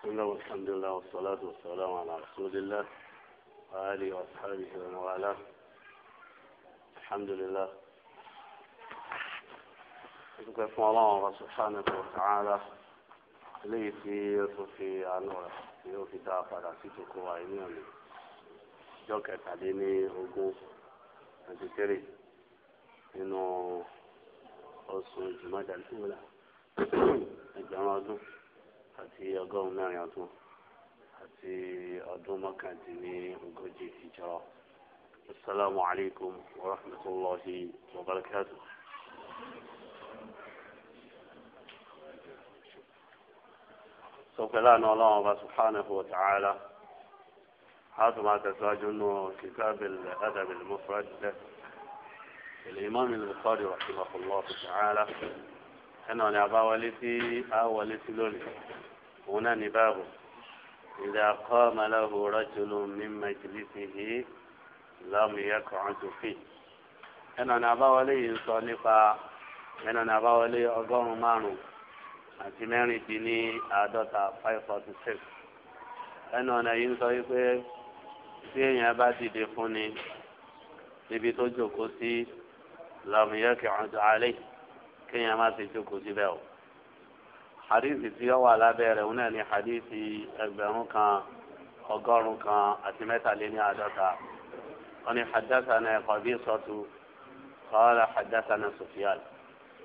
بسم الله والحمد لله والصلاة والسلام على رسول الله وآله وأصحابه ومن والاه الحمد لله أتكلم الله سبحانه وتعالى ليتي يوسفي عنور يوفي تعفر عسيتك وعينيوني جوكا تعليني وقوف أتكري إنه أصول جمادة الأولى الجمادة àti ọgọ́rùn-ún mẹ́rin ọdún àti ọdún mọ́kàndínní ogójì ìjọ. السلام عليكم ورحمة الله وبركاته سوف الله سبحانه وتعالى هذا ما تزواج أنه كتاب الأدب المفرد الإمام البخاري رحمه الله تعالى أنا أبا ولدي أولي لولي òun náà ní báàbò ìdá kọ́ malahu rajulu min majlisihi lam yaq'ud fi ẹnà ní abáwọlé yìí ń sọ nípa ẹnà ní abáwọlé ọgọ́rùn-ún márùn-ún àti mẹ́rin dín ní àádọ́ta five forty six ẹnà ọ̀nà yìí ń sọ wípé tí èèyàn bá dìde fún ni níbi tó jókòó sí lam yaq'ud alayhi kéèyàn má ti jókòó síbẹ̀ o hadithi tí ó wà lábẹ́ rẹ̀ wọn náà ní hadithi ẹgbẹ̀rún kan ọgọ́rùn kan àti mẹ́tàléní àádọ́ta wọn ní hadathana Qabisatu qala hadathana Sufyan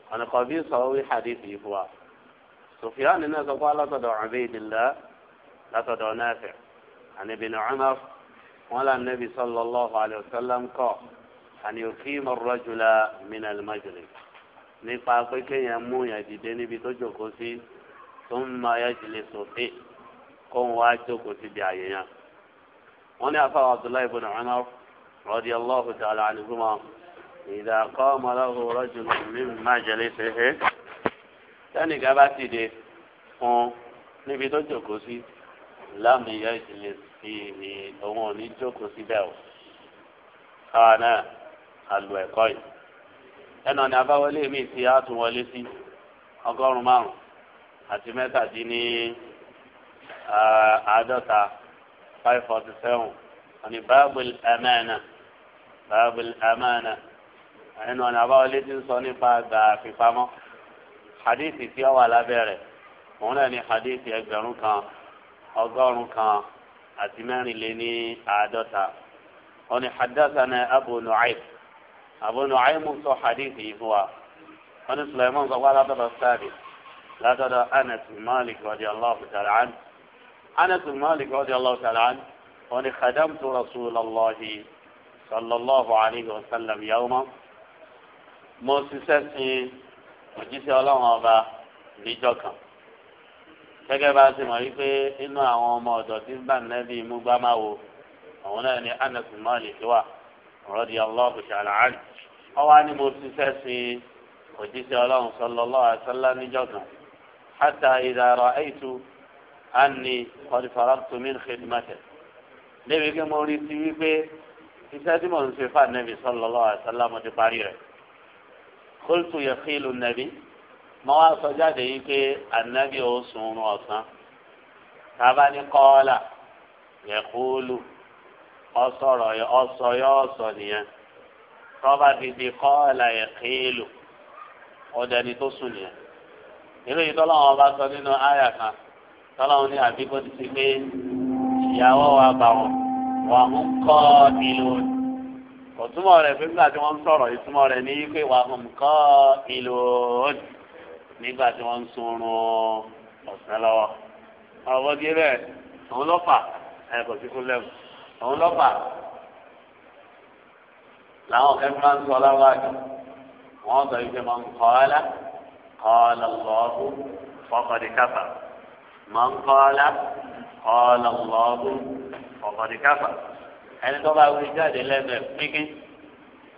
wọn ní Qabisa wí hadithi yìí fún wa Sufyan nínú ẹ̀sọ́ kó alátọ̀dọ̀ Ubaydillah látọ̀dọ̀ Nafi' àni ibn Umar wọn là Nabi sallallahu alayhi wa sallam kọ́ àni yuqimu ar-rajula min al-majlis nípa pé kéèyàn mú yàn dìde níbi tó jókòó sí tó ń ma ayájìlẹ̀ sòfin kó ń wá jókòó síbi àyè yẹn. wọ́n ní afáwọn abdullahi ibn umar radiyallahu ta'ala anhuma idha qama lahu rajulun min majlisihi sẹ́ni ká bá ti dé fún níbi tó jókòó sí láàmì ayájìlẹ̀ sí ni òun ò jókòó síbẹ̀ o. káwa náà àlù ẹ̀kọ́ yìí ẹnu ọ̀nà àbáwọlé mi ti àtúnwọlé sí ọgọ́rùn-ún márùn-ún àti mẹ́tàdínní àádọ́ta five forty seven ọ̀nì báàbùl amánà báàbùl amánà ẹnu ọ̀nà àbáwọlé ti ń sọ nípa gbà fipamọ́ hadithi tí ó wà lábẹ́rẹ̀ òun náà ni hadithi ẹgbẹ̀rún kan ọgọ́rùn kan àti mẹ́rin lé ní àádọ́ta ọ̀nì hadathana abu nu'aym abu nu'aym sọ hadithi yìí fún wa ọ̀nì sulaiman sọ wà látọ̀dọ̀ sábìtì látọ̀dọ̀ anas malik rọ̀dí allahu ta'ala anas malik rọ̀dí allahu ta'ala wọn ni khadamtu rasulallahi sallallahu alayhi wa sallam yawma mo ṣiṣẹ́ sí òjíṣẹ́ ọlọ́run ọba níjọ́ kan gẹ́gẹ́ bá a ti mọ̀ wípé inú àwọn ọmọ ọ̀dọ̀ tí ń bá nẹ́bí mú gbá máa wo àwọn náà ni anas malik wà rọ̀dí allahu ta'ala ọwọ́ ni mo ṣiṣẹ́ sí òjíṣẹ́ ọlọ́run sallallahu alayhi wa sallam kan. حتى إذا رأيت أني قد فرغت من خدمته نبي كما أريد به إساتي من صفات النبي صلى الله عليه وسلم تقاريره قلت يخيل النبي ما وصجاد يك النبي وصون وصان تبني قال يقول أصر أصر يا طبعا بدي قال يخيل ودني تصنيا irú yìí tọ́lọ́wọ́n bá sọ nínú àyà kan tọ́lọ́wọ́n ní àbí kó ti ti pé ìyàwó wa bà wọ́n wà ń kọ́ ìlú kò túmọ̀ rẹ̀ pé nígbà tí wọ́n ń sọ̀rọ̀ ìtumọ̀ rẹ̀ ní pé wà ń kọ́ ìlú nígbà tí wọ́n ń sunrun ọ̀sán lọ́wọ́ ọ̀wọ́ gíbẹ̀ òun lọ́fà ẹ̀ kò sí fún lẹ́mù òun lọ́fà làwọn kẹ́kẹ́ máa ń sọ láwájú wọ́n sọ ìfẹ́ máa ń kọ́ ọ́ lá. قال الله فقد كفر من قال قال الله فقد كفر ẹni tó bá wí jáde lẹ́nu ẹ̀ pínpín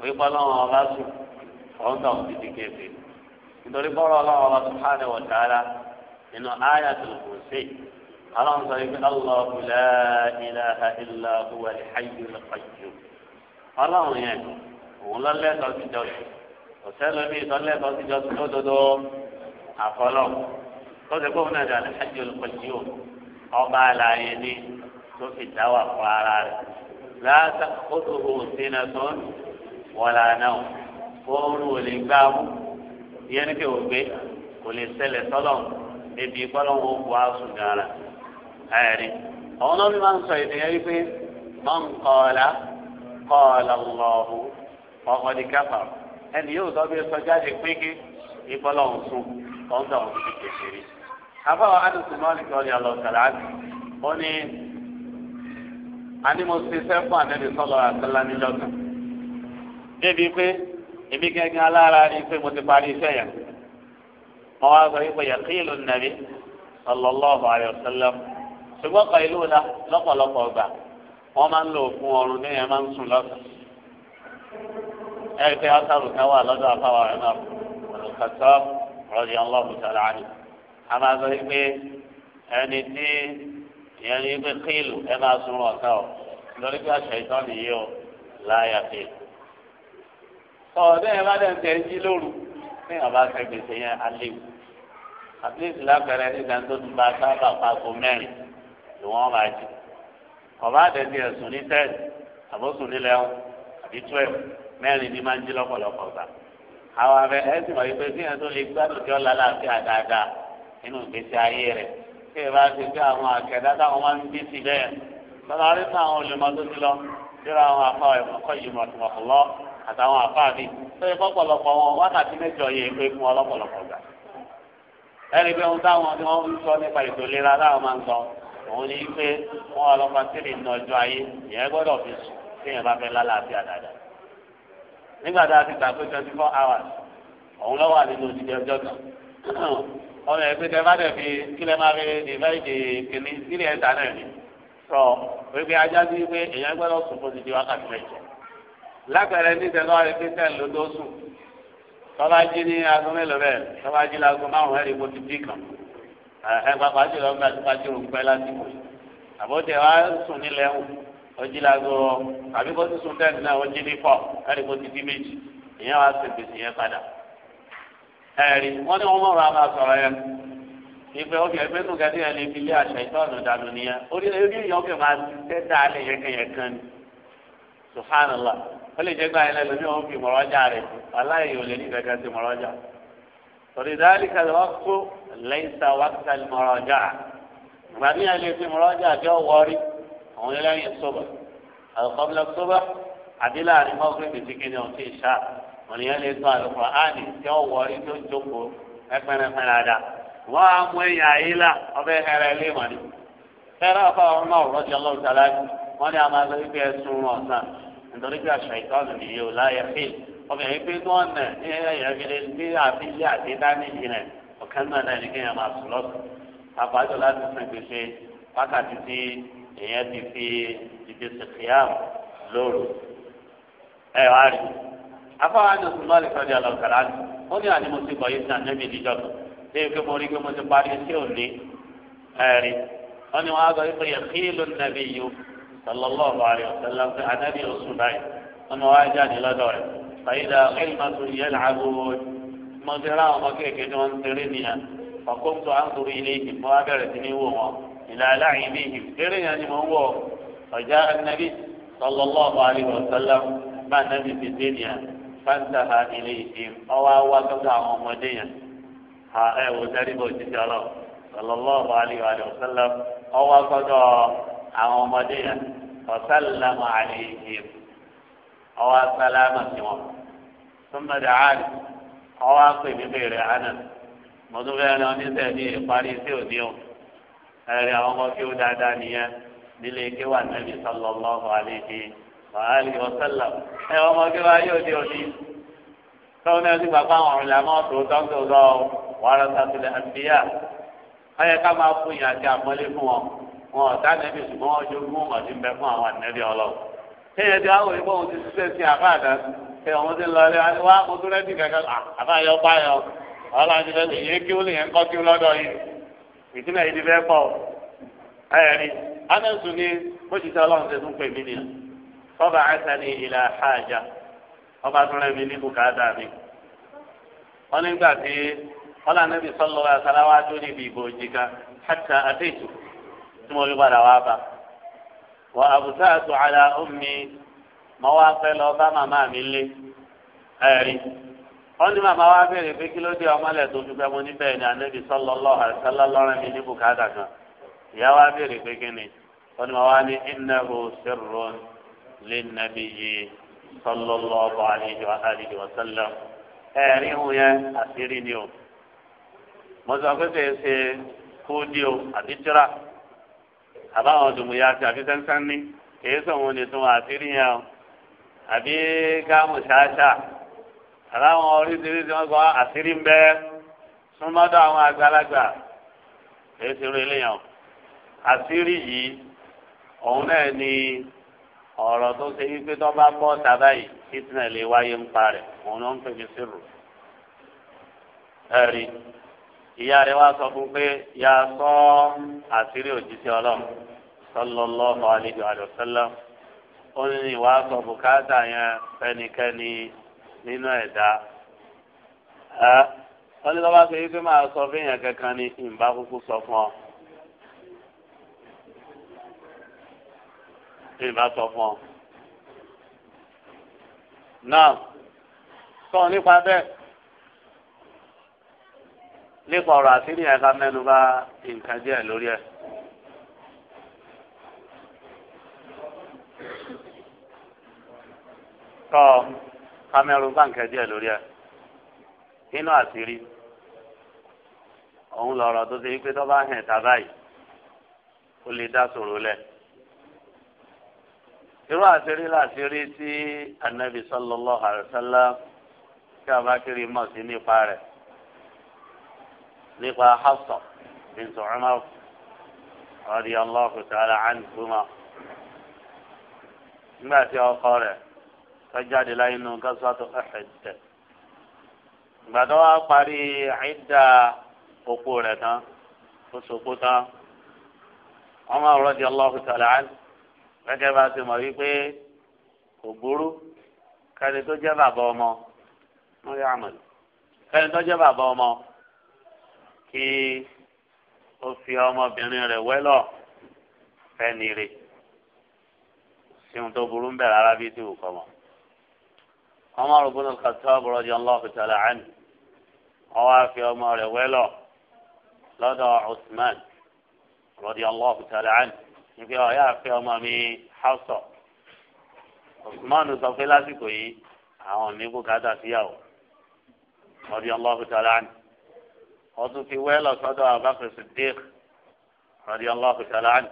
wípé ọlọ́run ọba sùn ọ̀hún tó ti di kéfì nítorí bọ́ọ̀rọ̀ ọlọ́run ọba subhanahu wa ta'ala nínú ayatul kursi ọlọ́run sọ wípé Allahu la ilaha illa huwa al-hayyul qayyum ọlọ́run yẹn òun lọ́lẹ́sọ̀ọ́ ti dọ̀tí kò sẹ́lẹ̀ mi ìtọ́lẹ̀ kan ti jọ tó dodo àfọlọ́ tó ti kóhùn náà dàní ẹjọ́ olùkọ́jú o ọba àlàyé ni tó fi dá wà fún ara rẹ̀ láàtà ó tó o sínú tó wọlé àná o oorun ò lè gbá mú yẹn ní kí o gbé kò lè sẹlẹ̀ sọ́lọ̀ ebi gbọ́dọ̀wọ́ bu asùn gara ẹ̀rí àwọn náà mi máa ń sọ ìdíyẹ wípé mọ̀ ń kọ́ ọ̀la kọ́ ọ̀la lọ́ọ̀hún ọkọ̀ ní káfàrọ̀ ẹnì yóò sọ bí sọ jáde péke ìbọlọ ọsùn ọ̀hún dà ọ̀hún ti kékeré. àbáwọ̀ adùnkùn mọ́lì kan ní ọlọ́kàlá ó ní àní mo ṣe sẹ́fún ànẹ́bí sọ́lọ́ àtàlá níjọ́ débi pé èmi gẹ́gẹ́ alára ni pé mo ti parí iṣẹ́ yẹn. mo wá sọ wípé yàtí ìlú nàbí sallallahu alaihi ṣùgbọ́n kan ìlú la lọ́pọ̀lọpọ̀ gbà wọ́n máa ń lò fún ọrùn ẹgbẹ́ asaru kan wà lọ́dọ̀ afáwà rẹ̀ náà olùkọ́tọ́ rọ̀dì ọlọ́mù sọ̀rọ̀ àná. a máa sọ pé ẹni tí ìyẹn ní pé kílù ẹ máa sun ọ̀tá o lórí pé àṣà ìtọ́ nìyí o láyà fi. ọ̀ọ́dẹ́ ẹ bá dẹ̀ ń tẹ̀ ń jí lóru ní àbá ṣe gbèsè yẹn aléwu. àti ìsìlápẹ̀rẹ̀ nígbà tó ti bá sábà pàṣẹ mẹ́rin ni wọ́n máa jù. ọ̀bá àdẹ́sí ẹ̀sùn ní tẹ́ẹ̀sì àbóṣùn nílẹ̀ àbí twelve mẹ́rin ní máa ń jí lọ́pọ̀lọpọ̀ gbà àwọn abẹ ẹsìn wọ̀nyí pé kí ẹ̀sùn lè gbádùn kí ọ̀la láàfin àdáadáa nínú ìgbésí ayé rẹ̀ kí ẹ bá ti gbé àwọn àkẹ́dá táwọn máa ń bí sí bẹ́ẹ̀ lọ́la rí fún àwọn olùmọ̀ tó ti lọ síra àwọn afá ẹ̀kọ́ yìí mọ̀ tó mọ̀ lọ àtàwọn afá mi tó yẹ pọ̀pọ̀lọpọ̀ wọn wákàtí mẹ́jọ yẹ pé fún wọn gbà ẹni pé ohun táwọn tí wọ́n ń sọ nípa ètò ìlera máa ń sọ òun ni pé wọ́n ọlọ́pàá sílẹ̀ ní ọjọ́ ayé ìyẹn gbọ́dọ̀ fi sùn tí ìyẹn bá fẹ́ lálàáfíà dáadáa nígbà tá a ti gbà pé twenty four hours òun lọ́wọ́ nínú òdìdí ọjọ́ kan ọmọ ẹgbẹ́ tẹ bá tẹ̀ fi kílẹ̀ máa fi divide kìíní sílẹ̀ ẹ̀ta náà ni sọ wípé ajá sí pé èèyàn gbọ́dọ̀ sùn fún títí wákàtí mẹ́jọ lápẹẹrẹ ní tẹ lọ́wọ́ ẹgbẹ́ tẹ̀ ló tó sùn tọ́ba jí ní aago mélòó bẹ́ẹ̀ tọ́ba jí láago márùn-ún ẹ̀rí kó ti dín kan ẹ̀ pàpà jùlọ gbàdúgbà jùlọ pẹ́ lásìkò àbótẹ́ wa sùn nílẹ̀ ẹ̀wọ̀n ojúlago àbí kó sísun tẹ́ẹ̀tì náà wọ́n jí ní fọ́ kárí kó ti di méjì ìyẹn wàá ṣe gbèsè yẹn padà. ẹ̀rí wọ́n ní wọ́n mọ̀ràn àmà sọ̀rọ̀ yẹn ìgbẹ́ òkè ẹgbẹ́ tó kẹ́tì yẹn lè fi lé àṣà ìtọ́nù dànù nìyẹn orí orí yẹn òkè máa tẹ́ dá alẹ́ yẹn kẹ́yẹn kan ni subhanallah ó lè jẹ́ gbà yẹn lẹ́nu ní wọ́n fi mọ̀rọ́jà àwọn ẹlẹ́yìn sọ́bà àlùkọ́bílà sọ́bà àbí láàrin mọ́kìrìbì tí kìíní ọ̀tí ìṣá wọn yẹn lè tún àlùkò áàdì tí ó wọ orí tó jókòó ẹgbẹ́rẹ́gbẹ́ rárá wọ́n á mú ẹ̀yìn àyè là ọbẹ̀ hẹrẹ ilé wọn ni fẹ́rẹ́ ọ̀fà ọ̀run náà rọ́jì ọlọ́run tàlá wọn ni a máa lọ ibi ẹ̀sùn ọ̀sán nítorí pé àṣà ìtọ́nù nìyí ò láyé fi obìnrin pé tó ọ̀nà ní ẹ̀yà ìfilé ní àfihàn àti dání ìjìnlẹ̀ ọ̀kan èèyàn ti fi ibi sèkìyàm lóru ẹ wá rí afọwọ́ àti sùnmọ́ lè fẹ́ di ọlọ́kàrà ni wọ́n ní àní mo ti gbọ́ yìí sí àná mi níjọ́ kan léyìn pé mo rí pé mo ti parí sí òní ẹ̀rí wọ́n ní wọ́n á gbọ́ yìí pé yẹ kí ló nàbí yìí o sallallahu alayhi wa sallam oṣù báyìí wọ́n ní wọ́n á jáde lọ́dọ̀ rẹ̀ fàyídà ẹ̀rìmọ́tò yẹn làbò mo ti rá ìlàlá ìbíhìm eré yẹn ni mò ń wọ ọjà anabi sallallahu alayhi wa sallam bá anabi fi dé nìyà fanta ha ilé ìhìm ọwọ́ awa gbọ́dọ̀ àwọn ọmọdé yẹn ha ẹ wò dárí bò jíjẹ lọ sallallahu alayhi wa sallam ọwọ́ àwọn ọmọdé yẹn wasalama alayhim ọwọ́ asalama sí wọn sọmọ dàcáàlì ọwọ́ akpèmí àná mọdún bẹ́ẹ̀ ni wọn ìparí sí òní ẹ̀rí àwọn ọmọ kí ó dáadáa nìyẹn nílé kí wà nàbí sallallahu alaihi wa alihi wa sallam ẹ ọmọ kí wà yóò di òní tọ́wọ́n náà ti gbàgbọ́ àwọn ọ̀rìn làmọ́ tó tọ́ńtò lọ warasatul anbiya ọyẹ ká máa fún yàn àti àmọ́lé fún wọn wọn ọ̀tá nẹ́bí ṣùgbọ́n wọn jogún wọn ti ń bẹ fún àwọn ànẹ́bí ọlọ́wọ́ kéèyàn ti àwọn òyìnbó ti ṣiṣẹ́ sí àbá àdá ọmọ ti lọ ilé wa mo tún rẹ́dì kankan àbá yọ bá ọlọ́run ti fẹ́ ìtìlẹ̀ yìí ti fẹ́ pọ̀ ẹ̀rí anẹ́sùn ni bó ti sẹ́ ọlọ́run ṣe tún mí nìyẹn ọba àṣàní ìlà àjà ọba tún rẹ̀ mí ní bùkátà mi. wọ́n nígbà tí ọlá anábì sọ́lọ́ àṣàlá wa tó níbi ìbò òjìká hàtà àtẹ̀tù tí mo rí padà wá bá. wà àtò ó mi mọ́ wá lọ bá wọ́n ní màmá wa béèrè pé kí ló dé ọmọlẹ̀ tó fi pẹ́ mo ní bẹ́ẹ̀ ni ànábì sallallahu alaihi wasallam mi ní bùkátà kan ìyá wa béèrè pé kí ni wọ́n ní màmá wa ní innahu sirrun linnabiyyi sallallahu alaihi wa alihi wa sallam ẹ̀rí hun yẹn àṣírí ni o mo sọ pé kì í o àbí àbáwọn dùnmùyà àti àbí kì í sọ òun ni tún àṣírí yẹn o àbí gáàmù ṣáṣá àrà àwọn oríṣiríṣi wọn gbọ́ àṣírí ń bẹ súnmọ́dọ̀ àwọn àgbàlagbà èyí ti rí eléyàn àṣírí yìí òun náà ni ọ̀rọ̀ tó ṣe wípé tó bá bọ́ tàbá yìí fitna lè wáyé ń parẹ̀ òun ló ń pè mí sírù ẹ̀rí ìyá rẹ̀ wá sọ fún pé ya sọ àṣírí òjíṣẹ́ ọlọ́run sallallahu alaihi wa sallam ó ní ìwà sọ bùkátà yẹn fẹ́nikẹ́ni nínú ẹ̀dá wọ́n ní lọ́wọ́ pé ife máa sọ fẹ́yàn kankan ní ìmbá kúkú sọ fún ọ. ìmbá sọ fún ọ. náà sọ nípa bẹ́ẹ̀ nípa ọ̀rọ̀ àṣírí yẹn ká mẹ́nu bá nǹkan díẹ̀ lórí ẹ̀. tọ́ kámẹ́rún báǹkì díẹ̀ lórí ẹ̀ nínú àṣírí òun lọ̀rọ̀ tó ṣe pé tó bá hẹ̀ tá báyìí ó lè dá sòrò lẹ̀. irú àṣírí làṣírí tí anabi sallallahu alaihi wasallam tí a bá kiri mọ̀ sí nípa rẹ̀ nípa Hafsa bint Umar radiyallahu ta'ala anhuma nígbà tí ọkọ rẹ̀ sọ́jáde láyé nù gásùwàtò ẹ̀hẹ̀dẹ̀. ìgbàdọ́ wa parí àìdá òpó rẹ̀ tán tó sòkó tán ọmọ ọ̀rọ̀dì ọlọ́ọ̀kú tọ̀lá gẹ́gẹ́ bá ti mọ̀ wípé kò burú kẹ́ni tó jẹ́ bàbá ọmọ wọ́n yà mọ̀ kẹ́ni tó jẹ́ bàbá ọmọ kí ó fi ọmọbìnrin rẹ̀ wẹ́lọ̀ fẹ́ni rè sí tó burú ń bẹ̀ rárá tí ò kọ́ mọ́. Umar ibn al-Khattab radiyallahu ta'ala anhu ọwọ́ àfi ọmọ rẹ̀ wẹ́lọ̀ lọ́dọ̀ Usman radiyallahu ta'ala anhu nígbà ọ̀yà àfi ọmọ mi Hafsa Usman sọ pé lásìkò yìí àwọn ní bùkátà síyàwó radiyallahu ta'ala anhu ọtún fi wẹ́lọ̀ sọ́dọ̀ Abubakar Siddiq radiyallahu ta'ala anhu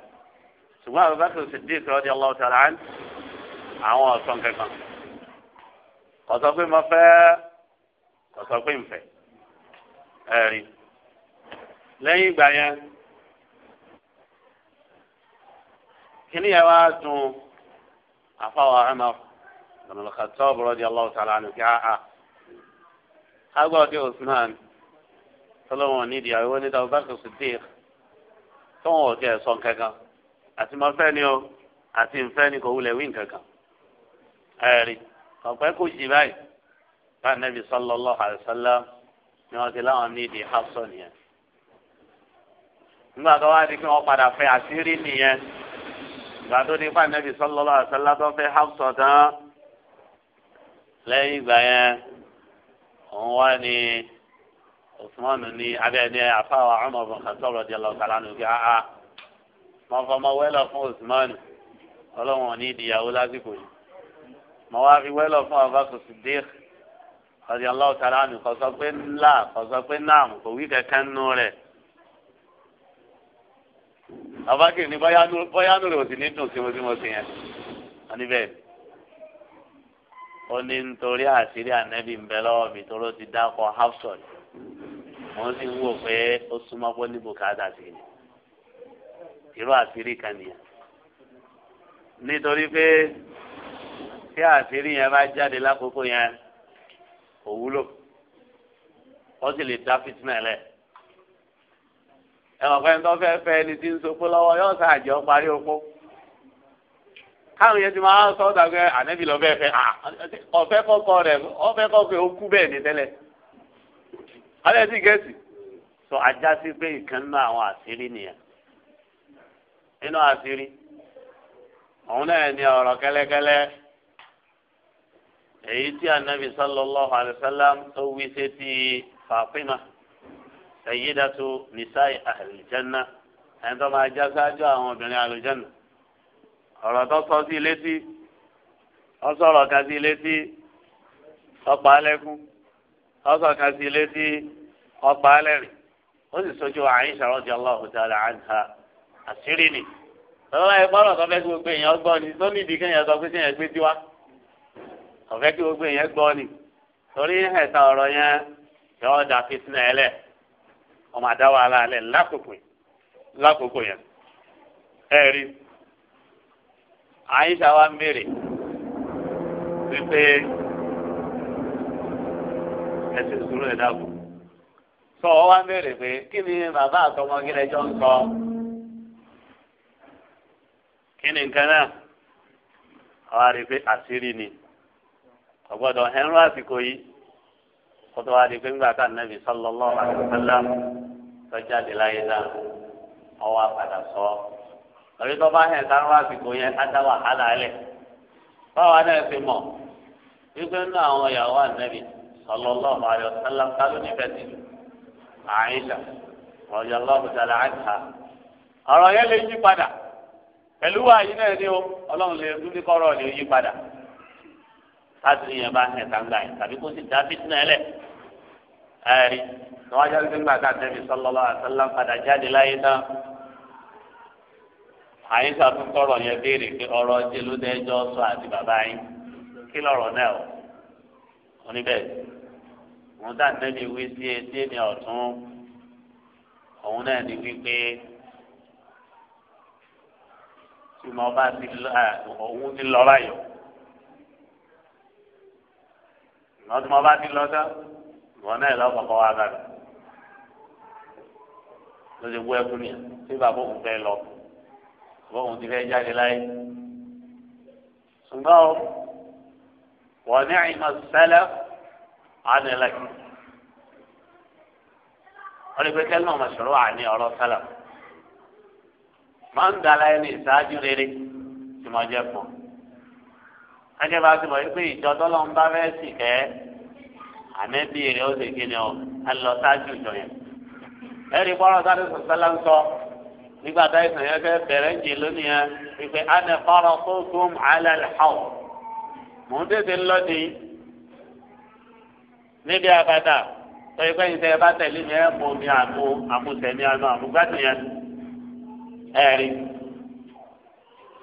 ṣùgbọ́n Abubakar Siddiq radiyallahu ta'ala anhu àwọn ọ̀sán kankan kọsọ pé mo fẹ́ kọsọ pé nfẹ́ ẹrí lẹ́yìn ìgbà yẹn kíní yẹn wá dùn àfàwọ ẹmọ ọmọlọkàtọ bọlọdì aláwọ tààlà ànàkí àhà agbọdọ Usman tọlọmọ nídìí àwọn onídàá Abubakar Siddiq tọwọn ọkẹ ẹsọ kankan àti mo fẹ́ ni o àti nfẹ́ ni kò wulẹ̀ wí nkankan ẹrí ọ̀pẹ́ kò jì báyìí bá nẹ́bí sallallahu alaihi wasallam ni wọ́n ti láwọn ní ìdí hafsọ nìyẹn. nígbà tó wá di pé wọ́n padà fẹ́ àṣírí nìyẹn ìgbà tó di fún nẹ́bí sallallahu alaihi wasallam tó fẹ́ hafsọ tán lẹ́yìn ìgbà yẹn òun wá ní osmanu ní abẹ́ni àfáwà ọmọ ọmọ kan sọ̀rọ̀ di ọlọ́kàlá nù kí áá mọ̀fọ́mọ́ wẹ́lọ̀ fún osmanu ọlọ́wọ̀n ní ìdíyàwó lásìkò yìí mọ wá fi wẹ́lọ̀ fún abakar sidik ọdí aláwọ̀ tààrà nù kò sọ pé ńlá kò sọ pé náàm kò wí kẹ̀kẹ́ nù rẹ̀ abakar ní bóyá nù rẹ̀ ò sì ní dùn sí mo sí mo sì yẹn wọn níbẹ̀ ó ní nítorí àṣírí ànẹ́bí ń mi tó ló ti dákọ̀ hafsọ̀n wọ́n sì ń wò pé ó súnmọ́ bó ní bùkátà sí ni irú àṣírí kan nìyẹn nítorí pé. tí àṣírí yẹn bá jáde lákòókò yẹn kò wúlò sì lè tó fẹ́ fẹ́ ẹni tí ń sopó lọ́wọ́ yóò sá parí opó káwọn yẹn ti máa sọ lọ ah, kọkọ bẹ́ẹ̀ tẹ́lẹ̀ sọ ajá sí pé ìkan nínú àwọn nìyẹn nínú èyí tí anabi sallallahu alayhi wa sallam tó wí sí ti Fatima sayyidatu nisa'i ahlijanna ẹni tó máa já sáájú àwọn obìnrin àlùjànnà ọ̀rọ̀ tó sọ sí létí ó sọ̀rọ̀ kan sí létí ọ̀pá alẹ́kùn ọ̀sọ̀ kan sí létí ọ̀pá alẹ́rìn ó sì sojú Àìṣà radiyallahu ta'ala anha àṣírí ni lọ́wọ́ ẹ̀ bọ́lọ̀ tó fẹ́ gbogbo èèyàn gbọ́ ni tó nídìí kéèyàn sọ pé kéèyàn gbé tiwa. ọ̀fẹ́ kí gbogbo yẹn gbọ́ ni torí ẹ̀sán ọ̀rọ̀ yẹn yọ ọ̀dà fitinà ẹ̀ lẹ̀ ọmọ àdá wàhálà lẹ̀ lákòókò yẹn àyíṣà wa ń béèrè wípé ẹsẹ̀ ìṣòro ẹ̀dá kù sọ ọ wá ń béèrè pé kí ni bàbá àtọmọ ń sọ kí ni nǹkan náà ni. ọgbọ́dọ̀ ẹrú àsìkò yìí kótó wa di pé ńgbà nàbì sallallahu alaihi wasallam tọjáde láyé náà ọwọ́ àpàdà sọ lórí tó bá hẹ sáré àsìkò yẹn ádá wàhálà lẹ báwa náà fi mọ wípé nínú àwọn ìyàwó ànábì sallallahu alaihi wasallam kálù nífẹ̀ẹ́ sí Àìṣà radiyallahu ta'ala anha ọ̀rọ̀ yẹn lè yí padà pẹ̀lú wàá yìí náà ni ó lè dúdú kọrọ lè yí padà káàkiri yẹn bá hẹ̀ tàǹgà yẹn tàbí kó sì dá fitinà ẹlẹ̀ ẹ̀rí ni wọ́n jáde nígbà tá a tẹ̀lé sọlọ́lá àtàlá padà jáde láyé tán àyíká tún tọrọ yẹn béèrè pé ọ̀rọ̀ ọjẹ ló dé ẹjọ́ sọ àti bàbá yín kí lọ̀rọ̀ náà o oníbẹ̀ wọn dá nẹ́bí wí sí etí ní ọ̀tún òun náà ní wípé tí mo bá ti lọ òun ti lọ báyìí. lọ́wọ́ tí mo bá ti lọ sá wọn náà lọ́ kọ̀ọ̀kan wá bàbá ló ti wú ẹkún nìyẹn tí bàbá òun fẹ́ lọ bàbá òun ti fẹ́ jáde láyé ṣùgbọ́n wọ́n ní ìmọ̀ sẹ́lẹ̀ ánilẹ́kì wọ́n lè pe kẹ́lí náà mọ̀ṣọ́rọ́ àní ọ̀rọ̀ sẹ́lẹ̀ máa ń dala ẹni ìṣáájú rere tí mo jẹ́ fún un gẹ́gẹ́ bá ti mọ̀ wípé ìjọ tọ́lọ́ ń bá fẹ́ sì kẹ́ àmẹ́bí rẹ̀ ó sì kíni ọ alọ sáájú ìjọ yẹn. ẹ̀rí bọ́lá sáré sọ̀sálà ń sọ nígbà táyì sàn yẹn fẹ́ bẹ̀rẹ̀ ń jè lónìí yẹn wípé àná fọ́rọ̀ tó gún alẹ́ àwọ̀ mò ń tètè lọ́dì níbi àbàdà tó yẹ pé ìṣe bá tẹ̀lé mi ẹ̀ mọ̀ mi àmú àmúṣẹ́mi àmú àmúgbádùn yẹn ẹ̀rí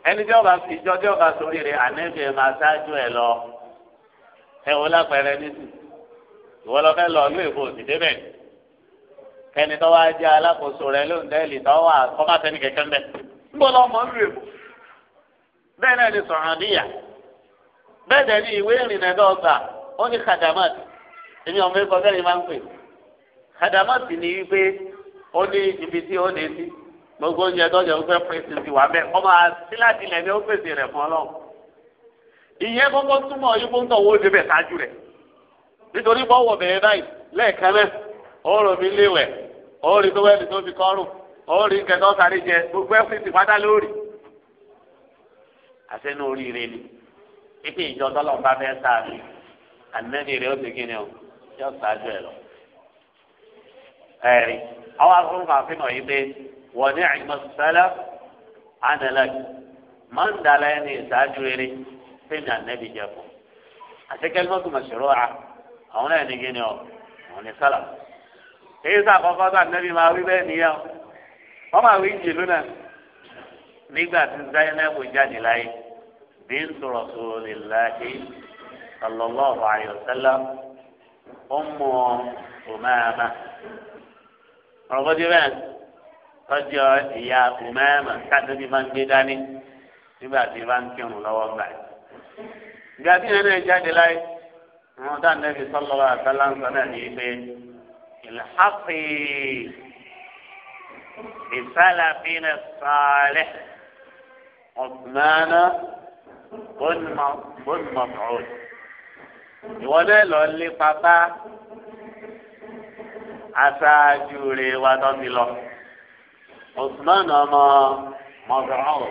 ẹni tí ọba ìjọ tí ọba sórí rẹ ànẹ́fẹ̀ẹ́ máa ṣáájú ẹ lọ ẹ wọ lápẹẹrẹ nísì ìwọ lọ fẹ́ lọ lóòfò òsìdé bẹ́ẹ̀ kẹni tó wáá jẹ alákòóso rẹ lóun tẹ́lẹ̀ tó wà kọ́má tẹ́ni kẹ̀kẹ́ mbẹ́ ńbọ lọ mọ nínú èbò bẹ́ẹ̀ náà ni sọ̀rọ̀ níyà bẹ́ẹ̀ dẹ̀ ni ìwé ìrìnà dọ́gba ó ní kàdámàtì èmi ọ̀mọ ẹ̀kọ́ bẹ́ẹ̀ ni máa ń pè kàdámàtì ni wípé ó ní ibi tí ó ní sí gbogbo oúnjẹ tọ́jà ó fẹ́ pèsè sí wa bẹ́ẹ̀ ọmọ síláàtì ilẹ̀ ni ó pèsè rẹ̀ fún ọlọ́run ìyẹn kọ́kọ́ yípo ń nítorí báyìí náà ó rò mí ó rí tó tó fi ó rí sáré jẹ gbogbo pátá lórí. oríire ni pípé ìjọ bá ànẹ́ni ó ti kí ni wọ́n ní àìmọ̀ sálá ànàlàkì máa ń dàlá ẹni ìsáájú rere fẹ́mi ànẹ́bí jẹ fún àtẹ́kẹ́ lọ́tù mọ̀ṣẹ̀rọ̀ à àwọn náà ní gíní ọ àwọn ní sálà èyí sàkọ́kọ́ tó ànẹ́bí máa wí bẹ́ẹ̀ nìyẹn wọ́n máa wí jìlú náà nígbà tí Zainab jáde láyé bíntu rasulillahi sallallahu alayhi wa sallam ummu umama ọ̀rọ̀ bọ́dí bẹ́ẹ̀ tọ́jú ìyá ọmọọmọ káàdébí máa ń gbé dání nígbà tí bá ń kírun lọ́wọ́ gbà. ìgbà tí ìrìn náà jáde láyé wọn dá nẹ́bí sọ́lọ́wọ́ àtàlà ń sọ náà ní pé ìlhàpì ìsàlàfínà sàlẹ̀ ọ̀gbìnàna bọ́ọ̀nùmọ̀tòrò ìwọ náà lọ lé pátá aṣáájú rẹ̀ wá tọ́ ti lọ. Usman ọmọ mọ̀gàrán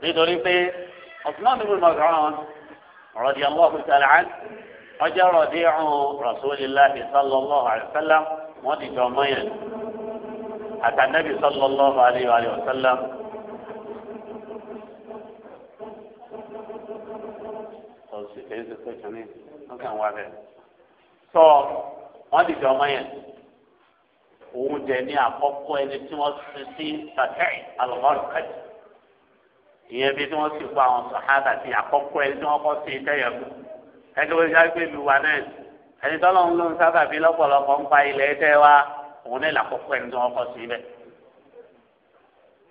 nítorí pé Usman ọmọ mọ̀gàrán rọ̀dí aláwọ̀ sàlẹ̀ án ọjọ́ rọ̀dí ọ̀hún rasulillahi sallallahu alayhi wa sallam wọ́n ti jọ mọ́ yẹn àtànẹ́bí sallallahu alayhi wa sallam. sọ wọn ti jọ mọ́ yẹn òun dẹ̀ ní àkọ́kọ́ ẹni tí wọ́n ti sí sàtẹ́rì alùmọ́rùkẹ́t ìyẹn bí tí wọ́n ti pa àwọn sàhádà sí àkọ́kọ́ ẹni tí wọ́n kọ́ sí ìtẹ́yẹ̀kú ẹgbẹ́ wọ́n sáré pé luwa náà ẹni tọ́lọ́ ń lò ń sábà bí lọ́pọ̀lọpọ̀ ń pa ilẹ̀ ẹ̀tẹ́ wa òun náà làkọ́kọ́ ẹni tí wọ́n kọ́ sí ibẹ̀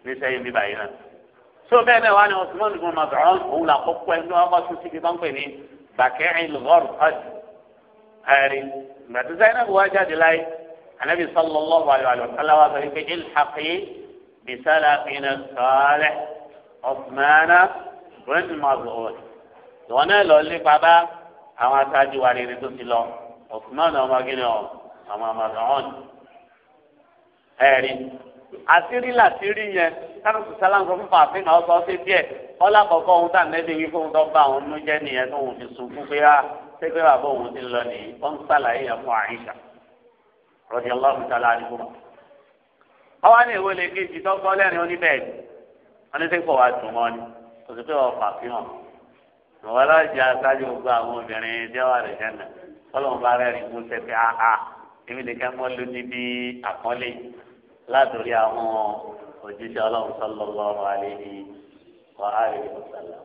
ní sẹ́yìn bíbá yìí náà tó bẹ́ẹ̀ náà wá ní Usman ibn anabi sallallahu alayhi wa sallam wa sọ wípé ilhaqi bisalafina salih osmana bin maz'un ìwọ náà lọ lé bàbá àwọn aṣáájú wa rere tó ti lọ osmana ọmọ gíní ọ ọmọ maz'un ẹẹrin àṣírí làṣírí yẹn kárọ̀tù sálám sọ fún fàáfin náà sọ sí díẹ̀ ọlá kọ̀ọ̀kan ohun tá à ń lẹ́dí wí fóun tó bá òun nú tó òun fi sunkún pé á ah, ṣé pé bàbá òun ti lọ nìyí ó ń sàlàyé yẹn fún àyíṣà rọ̀dì aláàbò tààlà àdìgbò. ọwọ́ ní ìwé lè kejì tọ́kọ́ lẹ́rìn oníbẹ̀ẹ́dì wọ́n ní sẹ́kọ̀ọ́ wa dùn mọ́ ni kò sí pé wọ́n fà fi hàn. àwọn alájà sáájú gbogbo àwọn obìnrin jẹ́wọ́ rẹ̀ jẹ́nà kọ́lọ́n bá rẹ́rìn mú sẹ́fẹ́ àhà èmi nìkan mọ́ ló ní bí àpọ́nlé látòrí àwọn òjíṣẹ́ ọlọ́run sallallahu alaihi wa alihi wa sallam.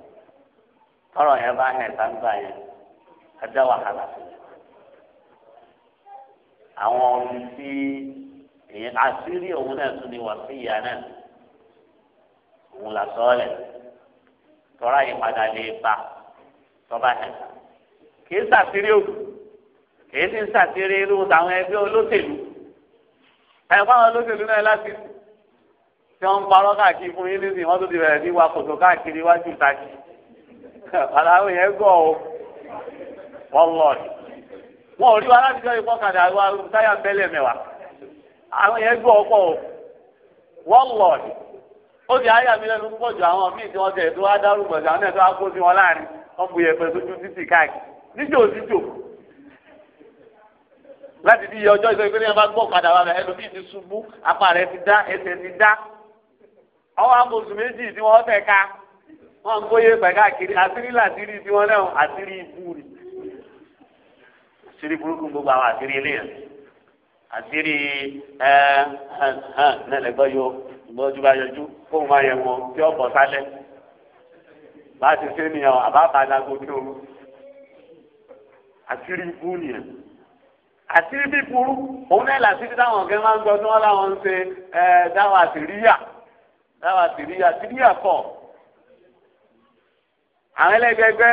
tọ́rọ̀ yẹn bá hẹ̀ sáńgbà yẹn ajá wàhálà sílẹ̀. àwọn ọ̀rìn tí àṣírí òun náà tún ni wà sí ìyá náà òun là sọ́ọ̀lẹ̀ tọ́ra ìpadà lè ba tọ́ba ẹ̀ kìí sàṣírí òkú kìí sì sàṣírí irú àwọn ẹgbẹ́ olóṣèlú ẹ̀ fáwọn olóṣèlú náà láti tí wọ́n ń parọ́ káàkiri fún yín nísìnyí wọ́n tún ti bẹ̀rẹ̀ wa kòtò káàkiri wájú wọn ò rí wa láti jọ ìpọ́kadà wa táyà ń bẹ́lẹ̀ mẹ́wàá àwọn yẹn gbọ́ ọkọ o wọ́n lọ̀ ni ó di ayé àmì lẹ́nu púpọ̀ jù àwọn míì tí wọ́n tẹ̀ tó wá dárúgbọ̀n sí àwọn náà tó wá kó sí wọn láàrin wọ́n bu yẹpẹ sójú títì káàkiri láti iye ọjọ́ ìpínlẹ̀ bá gbọ́ ọ̀kadà wa ẹnu bíi ti ṣubú apá rẹ̀ ti dá ẹsẹ̀ ti dá ọwọ́ méjì tí wọ́n fẹ́ Siri burúkú gbogbo àwọn àṣírí ilé yẹn àṣírí ẹ ẹ ẹ nílẹ̀gbọ́ yóò gbọ́dọ̀ bá yọjú kó máa yẹ wọn tí ó bọ̀ sálẹ̀ bá a ti ṣe nìyẹn o àbá bá a dá gbogbo ooru àṣírí ibú nìyẹn àṣírí bí burú òun náà làṣírí táwọn ọ̀gẹ́ máa ń gbọ́ tí wọ́n láwọn ń ṣe ẹ dáwà síríyà dáwà síríyà síríyà kọ̀ àwọn ẹlẹ́gbẹ́gbẹ́.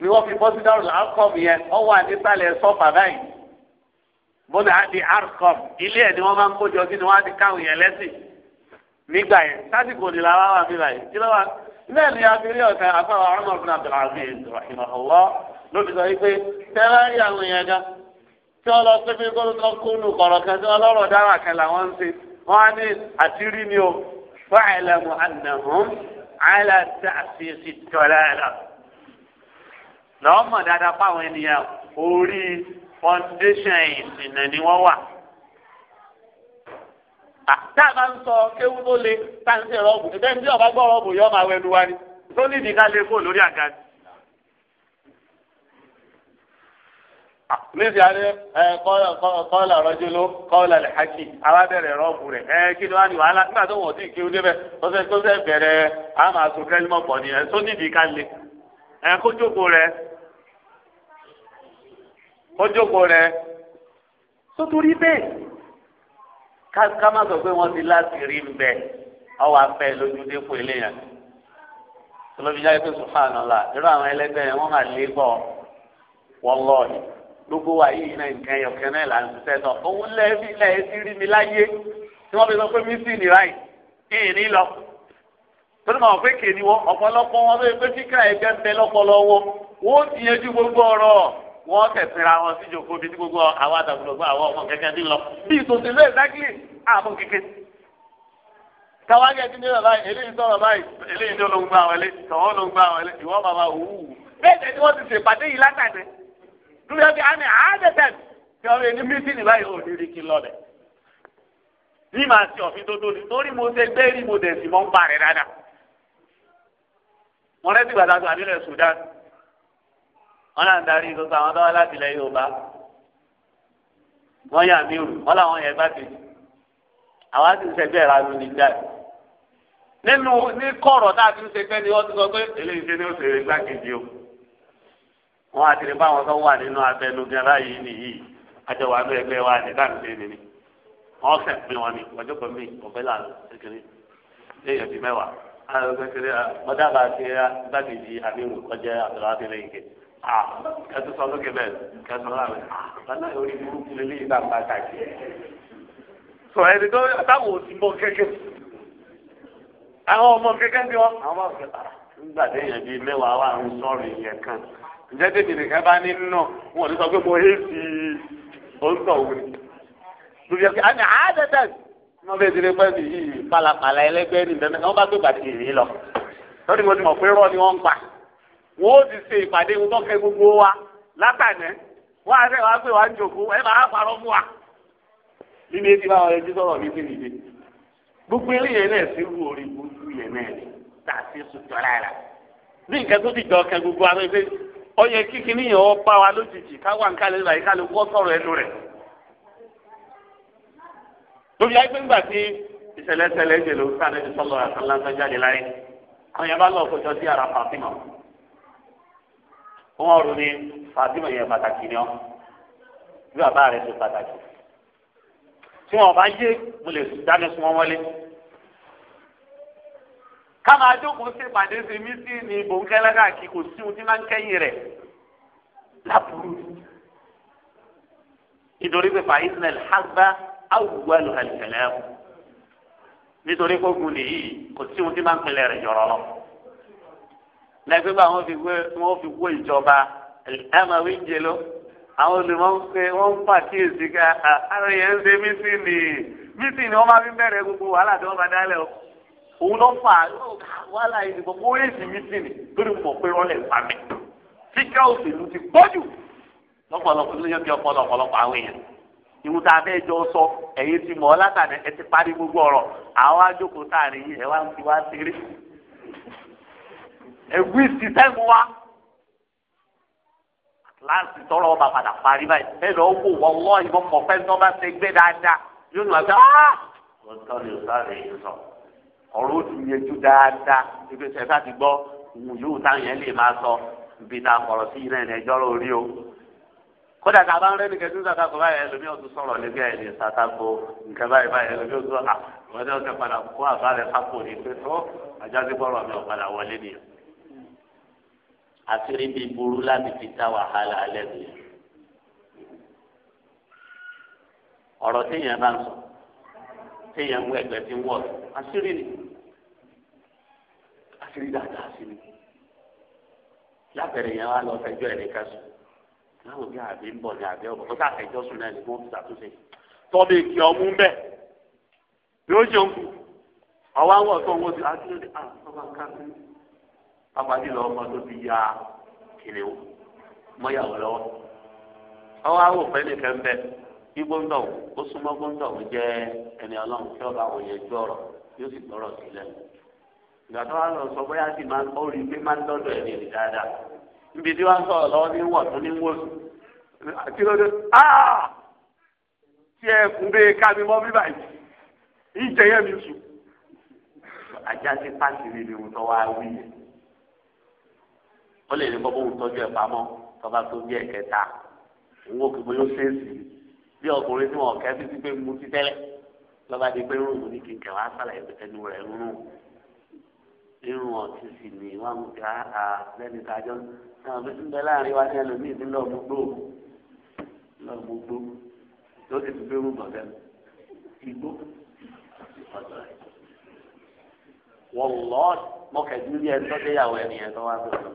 ni wọ́n fi bọ́ sí dárò làákọ́m yẹn wọ́n wà nísàlẹ̀ sọ́fà báyìí bóde á di arkọ́m ilé ẹ̀ ni wọ́n máa ń kójọ sí ni wọ́n á ti káwọn yẹn lẹ́sìn nígbà yẹn sásìkò ni làwọn wà mí báyìí kí ló wà náà ni abiri ọ̀sẹ̀ afáwà ọmọ ọdún abdulhafiz rahimahullah ló fi sọ yìí pé tẹ́lá rí àwọn yẹn gan tí wọ́n lọ sí fi kórókó kúnnù kọ̀rọ̀ kan tí wọ́n lọ́rọ̀ dára kan làwọn ń ṣe wọ́n á ní àtìrí ni o fáìlẹ̀ muhannahum ala ta'fisi tọ́lá lọ mọ dáadáa fáwọn ènìyàn orí foundation ìsìnà ni wọn wà. tá a bá ń sọ kéwú tó le tá a ń ọba gbọ yọ ma àwọn wa ni tó ní ìdí ká lè lórí àga kọ́ọ̀lá kọ́ọ̀lá lè hákì rọ́ọ̀bù ẹ kí ni ní wàhálà nígbà tó débẹ̀ tó nìyẹn tó ká ẹ ó jókòó rẹ̀ sótórí bẹ́ẹ̀ ká má sọ pé wọ́n ti láti rí ń bẹ̀ ọwọ́ afẹ́ lójú dépò eléyàn olóbi jáde pé subhanallah irú àwọn ẹlẹgbẹ́ yẹn wọ́n máa lé bọ̀ wallahi gbogbo wa yìí náà nǹkan ẹ̀yọ̀kẹ́ náà là ń ṣiṣẹ́ tán òun lẹ́ẹ̀mí lẹ́ẹ̀sí rí mi láyé tí wọ́n fi sọ pé mí sì ní ráì ìyìn ní lọ tó ní ma wọ́n pé kéde wọn ọ̀pọ̀lọpọ̀ wọn ló pé kíkà ẹ̀gbẹ́ ń bẹ lọ́pọ̀lọpọ̀ wọn ó ti yẹjú gbogbo ọ̀rọ̀ wọ́n tẹ̀síra wọn sí ìjòkó bíi gbogbo àwọn àtàkùnlọ́gbọ́n àwọn ọmọ kẹ̀kẹ́ ti lọ bí ìtòsí lé ìdákìlì àbọ̀ kẹ̀kẹ́. káwáńgẹ̀ ti ní bàbá yìí eléyìí sọ̀rọ̀ báyìí eléyìí ní olóńgbò àwọn ilé tọ̀wọ́ olóńgbò àwọn ilé ìwọ́ bàbá òwú. bẹ́ẹ̀ ni wọ́n ti ṣèpàdé yìí látàdé dúró bí àmì àádẹ́tẹ̀t tí wọ́n ní mítíìnì báyìí ò ní rí kí lọ́dẹ̀. ní màá ti ọ̀fin tó dóni torí mo ṣe gbé rí mo dẹ̀ sí mọ́ ń parẹ́ dáadáa. mo rẹ́ ti gbàdá wọn náà darí gbogbo àwọn tó wá láti ilẹ̀ Yorùbá wọn yà mí rù wọn làwọn yẹn bá kejì àwọn àti ìṣẹ́gbẹ́ ra lu nígbà nínú ní kọ̀rọ̀ tá a ti ń ṣe fẹ́ ni wọ́n ti sọ pé eléyìí ṣe ni ó ṣèrè gbákejì o wọn àti lè bá tó wà nínú abẹnugan láyé nìyí àjọwà ní ẹgbẹ́ wa ní dáńtẹ́ nìyí wọn fẹ́ pín wọn ni ọjọ́ kan mi ọ̀fẹ́ là kékeré léèyàn ti mẹ́wàá àwọn kékeré mọ́tàbà ti gbákejì àbí olùkọ́jẹ́ àtàlà àti lẹ́yìn kejì à kẹtù sọ lókè bẹ́ẹ̀ kẹtù sọ láàrin àná orí burúkú lélẹ yìí náà máa kàkí sọ ẹni tó táwọn òsì mọ kẹ̀kẹ́ àwọn ọmọ kẹ̀kẹ́ bí wọn àwọn ọmọ kẹta nígbà tí èèyàn bíi mẹ́wàá wà ń sọ̀rọ̀ ìyẹn kan ǹjẹ́ tèmi nìkan bá ní nù wọn ní sọ pé mo hé sí i ó ń tọ̀ wù ní. lórí ẹ̀kọ́ àmì àádẹ́tẹ̀ wọn bẹ ti lè pẹ́ mi yìí pàlàpàlà ẹlẹ́gbẹ́ ní bẹ́ẹ̀ náà wọ́n bá gbé gbàtì yìí lọ lórí mo ti mọ̀ pé wọ́n ó ti ṣe ìpàdé wọn tọ́kẹ́ gbogbo wa látàná á sẹ́wọ́n á pè wá ń jòkó ẹ máa parọ́ fún wa. nínú etí báwọn ẹjí sọ̀rọ̀ ní sí gbogbo eléyẹn náà sí orí gbogbo yẹn náà ní nǹkan tó ti jọ gbogbo àwọn ẹgbẹ́ ọyẹ kíkiní yẹn bá wa lójijì wọ́ sọ̀rọ̀ ẹnu rẹ̀ lórí tí ìṣẹ̀lẹ̀ ṣẹlẹ̀ ń wọn rò ní fatima yẹn pàtàkì ni ọ bí bàbá rẹ ṣe pàtàkì tí wọn bá yé mo lè dáná sun wọn wọlé káma adókòó ṣe pàdé ṣe mí sí ní bòńkẹ́lẹ́ káàkiri kò sí ohun tí máa ń kẹ́yìn rẹ̀ lápúrú nítorí pé fàyínlẹ̀ hágbá awùwá ló hàlìkẹ́lẹ́ nítorí pé ogun nìyí kò sí ohun tí máa ń pinlẹ̀ rẹ̀ jọ̀rọ̀ lọ lẹ́gbẹ́ bá wọn fi wé wọn fi wé ìjọba ẹ̀mọ̀wé ń jẹló àwọn olùmọ̀ ń pe wọ́n ń pàkíyèsí ká ara yẹn ń ṣe mísìnì mísìnì wọ́n máa fi bẹ̀rẹ̀ gbogbo wàhálà tí wọ́n bá dálẹ̀ o òun ló fà á wàhálà yìí nìkan mo rí èsì mísìnì lórí mọ̀ pé wọ́n lè pa mí fíkà òṣèlú ti pọ́jù lọ́pọ̀lọpọ̀ ló yẹ kí ọ̀pọ̀lọpọ̀lọpọ̀ àwọn èèyàn ìwọ tá a fẹ́ jọ sọ ẹ̀yin ti mọ̀ ọ́ látàdé ẹ ti parí gbogbo ọ̀rọ̀ àwọn ajókòó táàrin ẹ̀wí sí tẹ́mu wa láti tọrọ ọba padà parí báyìí bẹ́ẹ̀ lọ wò wọ́n wọ́n ìbọn mọ̀fẹ́ ní ọba ṣe gbé dáadáa yóò nù àgbà áá wọ́n tọ́ lè sáré yìí sọ ọ̀rọ̀ ó ti yẹjú dáadáa ibi sẹ́fà ti gbọ́ òun yóò táwọn yẹn lè máa sọ ibi tá a kọ̀rọ̀ sí yìí náà ẹ̀jọ́ lórí o kódà tá a bá ń rẹ́ni kẹ́tù sàkà kó báyìí ẹlòmí ọ̀tún sọ̀rọ̀ níbi ẹ̀ ní sàkàkó nǹkan báyìí báyìí ẹlòmí ọ̀tún àwọn ọjọ́ kẹfà náà kó àbálẹ̀ sápò ní pé tó àjọ àṣírí bíi burú láti fi ta wàhálà alẹ́ mi. ọ̀rọ̀ téèyàn bá ń sọ téèyàn ń wọ ẹgbẹ́ tí ń wọ̀ àṣírí ni àṣírí dáadáa sí ni lábẹ́rẹ́ yẹn wá lọ fẹjọ́ ẹ̀ ní kásù láwọn bí àbí ń bọ̀ ní àbí ọ̀bọ̀ kó sáà fẹjọ́ sùn náà ní kó ṣàtúnṣe tọ́bi kì ọ́ mú bẹ́ẹ̀ yóò jẹun kù ọ̀wá ń wọ̀ tó ti àti ah, ọ̀bá ká sí i. pápájú lọ ọmọ tó ti ya kiri o mọ́yàwó lọ́wọ́ ọwọ́ àwọn ó ẹni tí ọba ju yóò sì ìgbà tó wà lọ sọ bóyá sì máa pé máa ń ẹni rí dáadáa níbi tí ní ní àti tí ẹ kún ká mi yìí ìjẹyẹ mi sùn ó lè ní kọ́ bóun tọ́jú ẹ̀ pamọ́ tọ́ba tó bí ẹ̀kẹta owó kìbó yóò ṣèèṣì bí ọkùnrin tí wọn kẹ́ títí pé mu ti tẹ́lẹ̀ lọ́ba di pé rúùmù ní kíkẹ́ wàá sàlàyé ẹnu rẹ̀ rúnú irun ọtí sì ní wọn mú kí á lẹ́ni kájọ́ náà bí ń bẹ láàrin wa ní ẹlòmíì ní lọ́ọ̀ mú gbó lọ́ọ̀ mú gbó tó ti fi pé rúùmù ọ̀tẹ́ igbó ọ̀tọ̀ rẹ̀ wọ́n lọ́ọ̀ mọ́kẹ́dúnlé ẹ̀ tọ́jú ìyàwó ẹ̀ nìyẹn tó wá sọ̀rọ̀.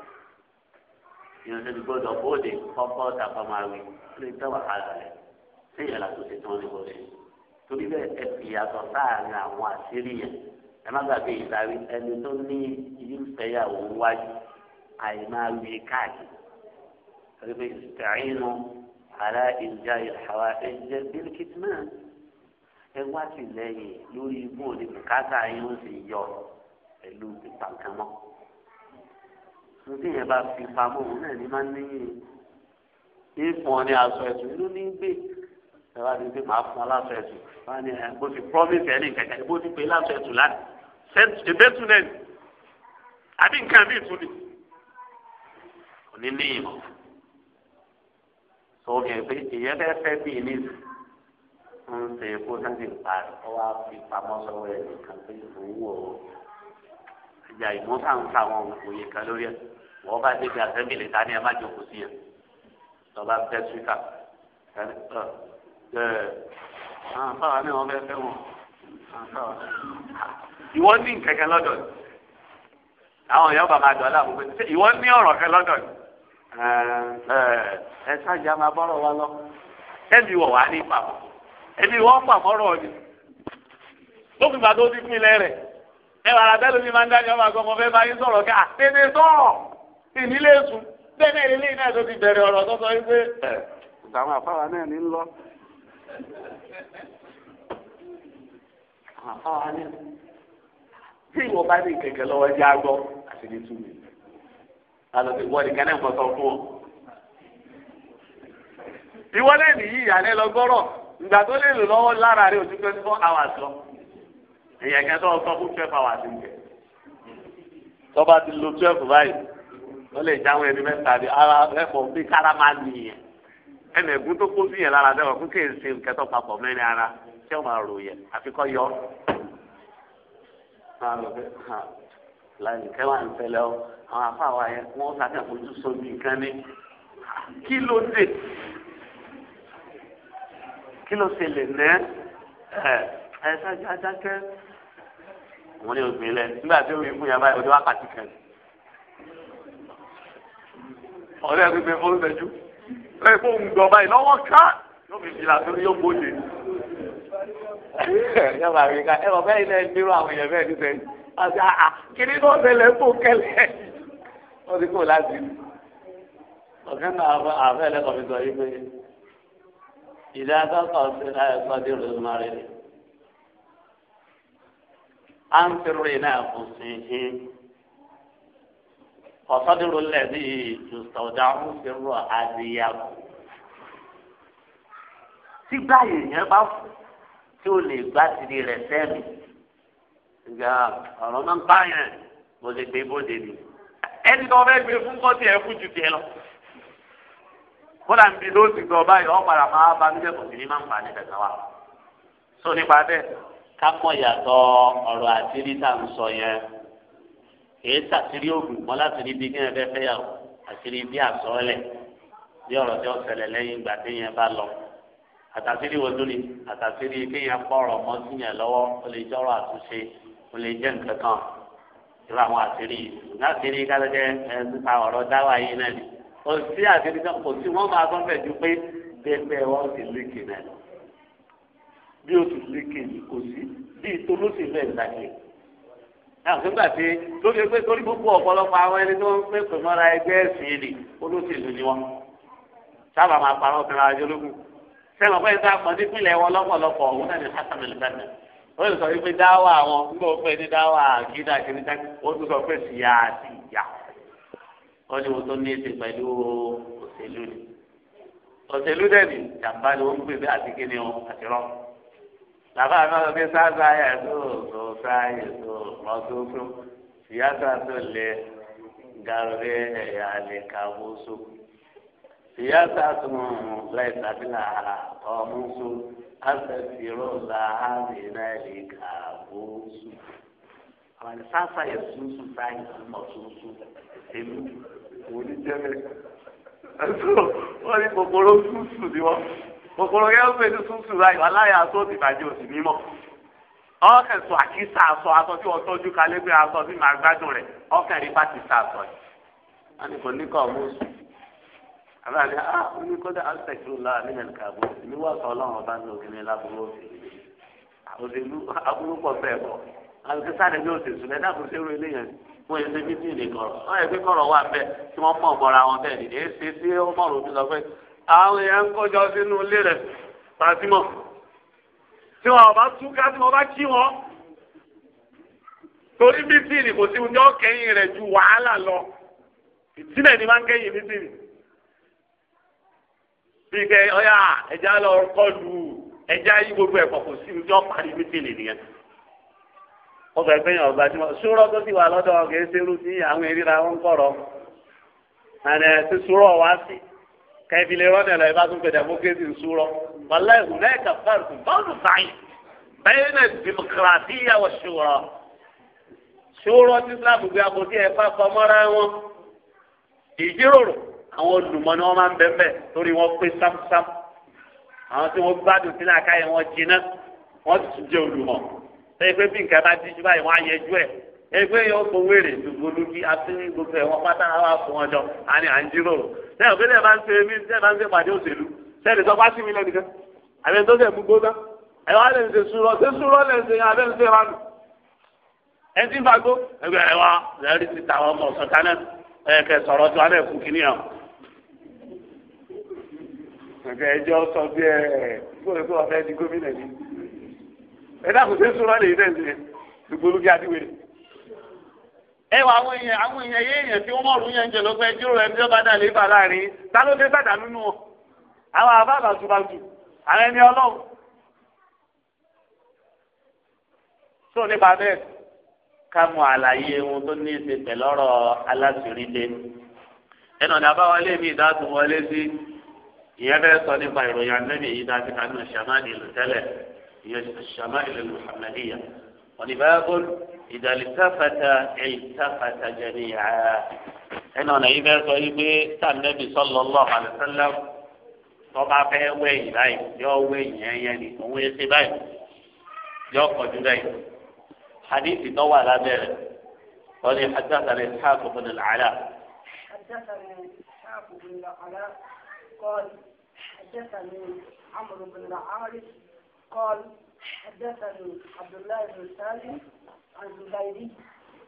ìrìnsẹ̀ ti gbọ́dọ̀ bóde kọ́kọ́ tàpá máa wí lè tẹ́ wàhálà rẹ̀ ṣé ìyàrá tó ṣe tán ní kò ṣe torí bẹ́ẹ̀ ẹ fi ìyàtọ̀ sáàárín àwọn àṣírí yẹn ẹ má gbàgbé ìdarí ẹni tó ní ìfẹ́yàwó wájú àìmáa wí káàkiri torí pé ìsìtẹ̀rínú àrà ìjà ìhàwá ẹ̀jẹ̀ bíríkìtì náà ẹ wá sí lẹ́yìn lórí ibú òní bùkátà sì yọ pẹ̀lú ìpàkàmọ́ ní tí yẹn bá fi pamọ́ òun náà ní máa ń níyìn ìfún ọ ní aṣọ ẹ̀sùn inú ní gbé ẹ wá ní pé màá fún ọ ẹ̀sùn wá ní ẹ bó ti promise ẹ ní kẹ̀kẹ́ bó ti pè láṣọ ẹ̀sùn láti ṣèbẹ́tù náà ni àbí nǹkan mi tún ni kò ní níyìn mọ́ sọ yẹn pé èyẹ fẹ́ fẹ́ bí ní ń ṣe kó sáà ti parí ọ wá fi pamọ́ sọ́wọ́ ẹ̀ nìkan pé òun wò ó ìyá ìmọ̀ ká ń ka àwọn òye kan lórí ẹ̀ wọ́n bá débi àtẹ́bìlì ta ni ẹ má jókòó sí yẹn lọ́ba fẹ́ síkà ẹ ẹ àǹfààní ni wọ́n fẹ́ fẹ́ wọn ìwọ ní nkẹ̀kẹ́ lọ́dọ̀ ni àwọn èèyàn bá máa dọ̀ọ́lá àbúgbé ṣé ìwọ ní ọ̀rọ̀ kẹ lọ́dọ̀ ni ẹ ṣáàjà máa bọ́rọ̀ wa lọ ẹbí wọ̀ wá ní ìpamọ́ ẹbí wọ́n pàmọ́rọ̀ ni ó fi gbàdó dípínlẹ̀ rẹ̀ ẹ wàrà bẹ́ẹ̀ lómi máa ń dání ọmọ àgbọ̀n mo fẹ́ bá yín sọ̀rọ̀ ká tètè sọ̀rọ̀ ìnílé sùn bẹ́ẹ̀ ilé náà tó ti bẹ̀rẹ̀ ọ̀rọ̀ tó sọ wípé àwọn àfáwà náà ní lọ. àfáwà náà tí ìwọ bá ní kẹ̀kẹ́ lọ́wọ́ jẹ́ agbọ́ àti ní túmí alọ́ ti wọ́n nìkan náà mọ̀ sọ fún ọ. ìwọ náà nìyí ìyàlẹ́ lọ gbọ́rọ̀ ìgbà tó lè lò lọ́wọ́ lára rẹ̀ òtún èyàn kẹtọ ọsọ fún twelve hours ń jẹ tọba ti lo twelve báyìí wọn lè jáwé ẹni mẹ́ta ni ara ẹ̀kọ́ bí kára máa nìyẹn ẹnì ẹgún tó kó sí yẹn lára dẹwà kó kéè ṣe kẹtọ papọ̀ mẹ́rin ara tí ó máa rò yẹ àfikọ yọ láyé kẹwàá ń tẹlẹ ọ àwọn afáwa yẹn wọn sáré àfojú sóbi nǹkan ni kí ló dé kí ló ṣe lè nẹ ẹ ẹ ṣáájú adákẹ́ òun ní ògbìn lẹ nígbà tí ó yẹ fún yàrá ìwé wákàtí kan ọ̀rẹ́ ẹ̀rí pé fún ìṣẹ́jú ẹ̀ fún òun gbọ̀ báyìí lọ́wọ́ ká yóò fi fi làtó yóò gbóde. yóò bá rí ká ẹ bọ̀ bẹ́ẹ̀ ni ẹ nírú àwọn èèyàn bẹ́ẹ̀ níṣẹ́ àti àà kíní náà ṣẹlẹ̀ ń bò kẹlẹ̀ wọ́n ti kó láti rí. ọ̀gán náà àfẹ́ ẹlẹ́kọ̀ọ́ mi sọ yí pé ìdá akẹ́kọ̀ọ́ sí ẹ̀ àǹfẹ̀rẹ̀ náà kò فصدر الذي ọ̀sọ́dúnrú في الروح àǹfẹ̀rẹ̀ àdìyàwó. Tígbà yìnyín bá fò tí o lè gbá tìrì rẹ̀ sẹ́mi. Ìgbà ọ̀rọ̀ máa ń pààyàn mo lè gbé bóde mi. Ẹni tó fẹ́ gbé fún kọ́tì ẹ̀ fún jù tiẹ̀ lọ. Bọ́lá ń bi lóòtù gbọ́ báyìí ọ̀ padà máa bá níjẹ́ kò sí ní máa ń pa ní tẹ̀sán wa. Sọ nípa bẹ́ẹ̀ kápọ̀ yàtọ̀ ọ̀rọ̀ àṣírí tá à ń sọ yẹn kìí sàṣírí òògùn mọ́ láti rí bí kí yẹn fẹ́ fẹ́ yàwó àṣírí bí àsọ́ọ́lẹ̀ bí ọ̀rọ̀ tí ó ṣẹlẹ̀ lẹ́yìn ìgbà tí yẹn bá lọ àtàṣírí wo tó ni àtàṣírí kí yẹn pọ̀rọ̀ mọ́ sí yẹn lọ́wọ́ ó lè jọ́rọ̀ àtúnṣe ó lè jẹ́ nǹkan kan irú àwọn àṣírí láṣírí kálẹ́kẹ́ ẹ̀ nípa ọ̀rọ̀ dáwà yìí náà ni kò sí àṣírí kan kò sí wọ́n máa tọ́ fẹ̀ ju pé gbẹgbẹ́ wọn sì lékè náà bí oṣù sí kejì kò sí bí ìtòlóṣì bẹ́ẹ̀ dàgbé. àgbégbà tí lórí ẹgbẹ́ torí gbogbo ọ̀pọ̀lọpọ̀ àwọn ẹni tó ń pèpè mọ́ra ẹgbẹ́ ẹ̀sìn ni olóṣèlú ni wọ́n sábà máa parọ́ obìnrin ajé ológun sẹ́mi ọ̀pẹ́ ìta kan nípìnlẹ̀ wọn lọ́pọ̀lọpọ̀ òun náà ní hasan elizabeth ó lè sọ wípé dáwà àwọn nígbà ó pẹ́ ní dáwà gíga làbá àná ló fi sáza yà tó tó sáyè tó mọ́tótó fìyàtà tó lè gàrúbé ẹ̀yà lè kàwóso fìyàtà tó láì sàbílà ọ̀mùsọ àtẹ̀síró làhàmìnà lè kàwóso. àwọn ẹni sáza yẹ sunsun sáyè tó mọ̀tótó èmi kò ní jẹ́ mi. wọ́n ní kòkòrò sunsun ni wọ́n kòkòrò yẹn ó fèsì tútù láì wà láyà aṣọ ti bàjẹ́ òsì mímọ́ ọkàn sọ àkísà aṣọ aṣọ tí wọ́n tọ́jú kalẹ̀ pé aṣọ tí màá gbádùn rẹ̀ ọkàn rí bá ti sa aṣọ yìí wọ́n ní kò ní kọ́ ọmọ oṣù àbá ni ah oní kódà alùpẹ̀kìrù la nílẹ̀ kàbọ̀ ní wà sọ ọlọ́run ọba ní òkè ní lábúrò òṣèlú àbúrò pọ̀ bẹ́ẹ̀ bọ̀ alùpẹ̀kìrù sáré ní òṣèlú ẹ̀ dàbò sí irú eléyàn fún ẹ̀ ṣe mítìnì kọ̀rọ̀ ọ̀ ẹ̀ pé kọ̀rọ̀ wà bẹ́ẹ̀ tí ni èé ṣe sí ọmọ òbí lọ àwọn èèyàn ń kọjọ sínú ilé rẹ̀ pàtímọ̀ tí wọn bá tí bá kí torí mísìlì kò sí oúnjẹ ọkẹyìn rẹ̀ ju wàhálà lọ ìtílẹ̀ ni máa ń kẹ́yìn mísìlì bí kẹ ọyà ẹja lọ ẹja yí gbogbo ẹ̀kọ́ kò sí nìyẹn tí tó ti wà lọ́dọ̀ sí àwọn wọn àná kẹfì lè rọ́ọ̀dẹ̀ lọ ìbá tún pè democracy ń súrọ́ wàlá ìhùn náà kà fáàrùkù báwọn fàáyì bẹ́ẹ̀ náà democracy yà wọ ṣòro ṣòro tí Islam gbé àpótí ẹ̀ fà fọmọ́ra wọn ìjíròrò àwọn olùmọ̀ ni wọ́n máa ń bẹ́ẹ̀ torí wọ́n pé sámsám àwọn tí wọ́n gbádùn sílẹ̀ àkáyẹ̀ wọn jiná wọ́n sì tún jẹ́ olùmọ̀ pé bí nǹkan bá díjú báyìí wọ́n á yẹjú ẹ̀ ẹgbẹ́ yẹn ó fún wèrè gbogbo lójú àti gbogbo ẹ̀wọ̀n pátá àwọn àfọwọ́n jọ àní à ń jíròrò sẹ́yìn òkè tẹ́ẹ̀ bá ń ṣe mí tẹ́ẹ̀ bá ń ṣe pàdé òṣèlú sẹ́yìn tó bá sí mi lẹ́nìkan àbẹ tó tẹ̀ mú gbóná ẹ̀wọ̀n lè ṣe súrọ̀ ṣé súrọ̀ lè ṣe abẹ́ ń ṣe wá nù. ẹ ti ń fa gbó ẹgbẹ́ ẹ̀wọ̀n lẹ́rìí ti ta ọmọ ọ̀sán kaná ẹ̀kẹ́ sọ̀rọ̀ tó alẹ́ fún kínní ọ̀ ẹ̀kẹ́ ẹjọ́ sọ bí ẹ̀ gbọ́dọ̀ tó ọ̀fẹ́ di gómìnà ni ẹ dákun ṣé súrọ̀ lè ṣe gbogbo lójú àdìwẹ̀rẹ̀ ẹ wà àwọn èèyàn àwọn èèyàn yé èèyàn tí wọn mọ ọrùn yẹn jẹ lọgbẹ jíròrò ẹni tí wọn bá dà lé bà láàrin ta ló dé sàdá nínú wọn àwọn àbá àbàtúbàtù àwọn ẹni Ọlọ́run tó nípa bẹ́ẹ̀ ká mọ àlàyé ohun tó ní í ṣe pẹ̀lú aláṣìírílé ẹnà ní abáwọlé mi ìdádùn wọlé sí ìyẹn fẹ́ẹ́ sọ nípa ìròyìn anábì yìí dájú kanú sàmáàlì lù ìyẹn sàmáàlì lù hàmàdíyà ìdàlítàfàtà ìlítàfàtà jẹ̀bi ààrẹ ẹnu ọ̀nà yìí bẹ́ẹ̀ sọ yìí pé sàmẹ́bí sọ́lọ́ lọ́ọ̀ àlùsálà tọ́ba fẹ́ wẹ̀yìn báyìí yọ wẹ̀yìn ẹ̀yẹ ni òun yẹ ṣe báyìí yọ kọjú báyìí hadith tó wà lábẹ́rẹ̀ wọ́n ní haddatha ní sáàkù fún ní làálà. haddatha sáàkù fún ní làálà kọ́ọ̀lù عن زبيري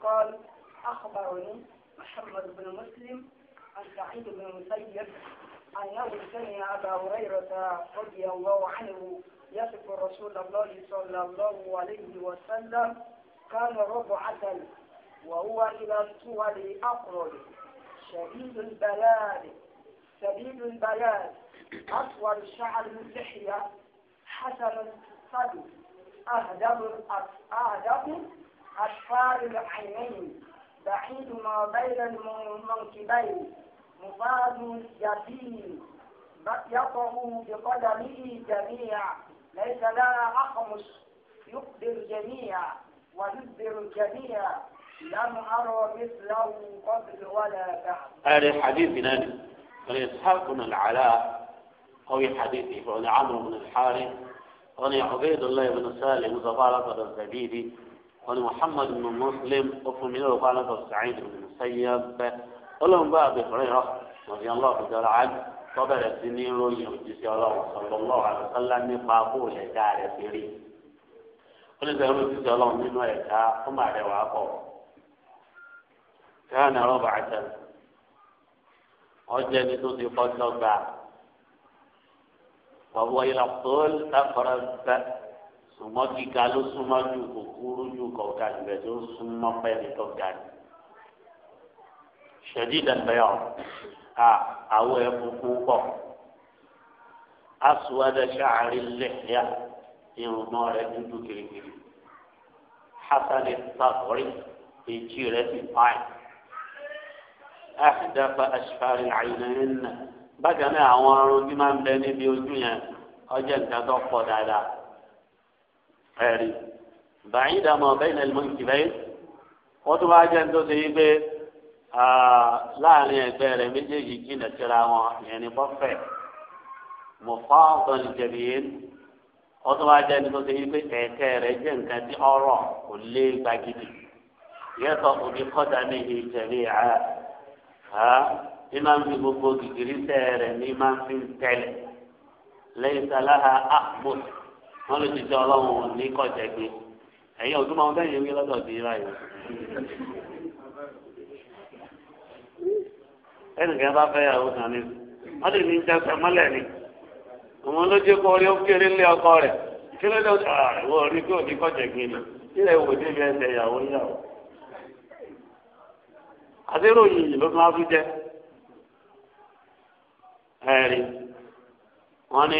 قال أخبرني محمد بن مسلم عن سعيد بن المسيب أنه سمع أبا هريرة رضي الله عنه يصف رسول الله صلى الله عليه وسلم كان ربعة وهو إلى الطول أقرب شديد البلاد شديد البلاد أطول شعر اللحية حسن الصدر أهدب أهدب أشفار العينين بعيد ما بين المنكبين مفاد يتيم بقيته بقدمه جميع ليس لها أخمس يقدر جميع ويدبر الجميع لم أرى مثله قبل ولا بعد هذا الحديث من فلإسحاق بن العلاء قوي حديثه فعن عمرو بن الحارث وعن عبيد الله بن سالم زبارة الزبيدي wọn ni muhammad bin muslim ó fún mi lórúkọ alábọ̀ sa'id bin sayyab ọlọ́run bá àbẹ̀ fúnra yìí rọ mọ̀tí ọlọ́run jọra á tọ́bẹ̀rẹ̀ sí ní ròyìn òjíṣẹ́ ọlọ́run sọlọ́lọ́ àlùsọ́lá nípa bóòlù ẹ̀dá rẹ̀ ti rí oníṣẹ́ òjíṣẹ́ ọlọ́run nínú ẹ̀dá ó mà rẹwà pọ̀ kẹ́hìn rọ́bà àtẹ̀lẹ̀ ọjọ́ ẹni tó ti kọ́ dọ́gba wàhùwà yìí lọ́kùnrin ṣùgbọ́n gíga ló súnmọ́ ju kòkúrú ju kọ̀ọ̀kan ìgbẹ́ tó súnmọ́ pẹ́ẹ́lí tó ga ni. ṣẹ̀dí ìdàgbẹ́yà ọ̀ a àwọ̀ ẹ̀ funfun pọ̀ aṣùwádẹ ṣáàrí lẹ́yà irun mọ́ rẹ̀ dúdú kirikiri hasan sàkórí èjì rẹ̀ ti pààyàn àṣìdáfà aṣfàrí àyìnlẹ́yìn náà bákan náà àwọn ọrùn máa ń bẹ níbi ojú yẹn ọjọ́ nǹkan pọ̀ dáadáa ẹ̀rí bàyí dàmọ̀ bẹ́ẹ̀ náà lọ́n kì bẹ́ẹ̀ wọ́n tún wáá jẹ́ ní tó ṣe yí pé láàrin ẹgbẹ́ rẹ̀ méjèèjì jìnà síra wọn ìyẹn ní bọ́fẹ̀ mọ̀fá ọ̀gbọ́n ìjẹ̀bi yìí wọ́n tún wáá jẹ́ ní tó ṣe yí pé ẹ̀kẹ́ rẹ̀ jẹ́ nǹkan tí ọ̀rọ̀ kò lé gbagidi yẹtọ òbí kọta ní ìjẹ̀bi àá ní máa ń fi gbogbo gìgírí sẹ́ẹ̀rẹ̀ ní máa ń fi tẹ̀lẹ̀ lẹ́yìn sáláha àpò wọn lè jíjẹ ọlọ́run ní kọjá gbé ẹ̀yin ọdún máa ń bẹyìn wí lọ́dọ̀ di ráyè ẹnìkan bá fẹ́ yàwó kan ní wọn lè ní jẹsẹ mọ́lẹ̀ ni òun ló jẹ orí kéré lé ọkọ rẹ̀ kí ló dé àwọn ah, orí kí òní kọjá gbé ni ilẹ̀ wò débi ẹsẹ̀ yàwó yàwó àti ìròyìn yìí ló máa fi jẹ ẹ̀rí wọn ni.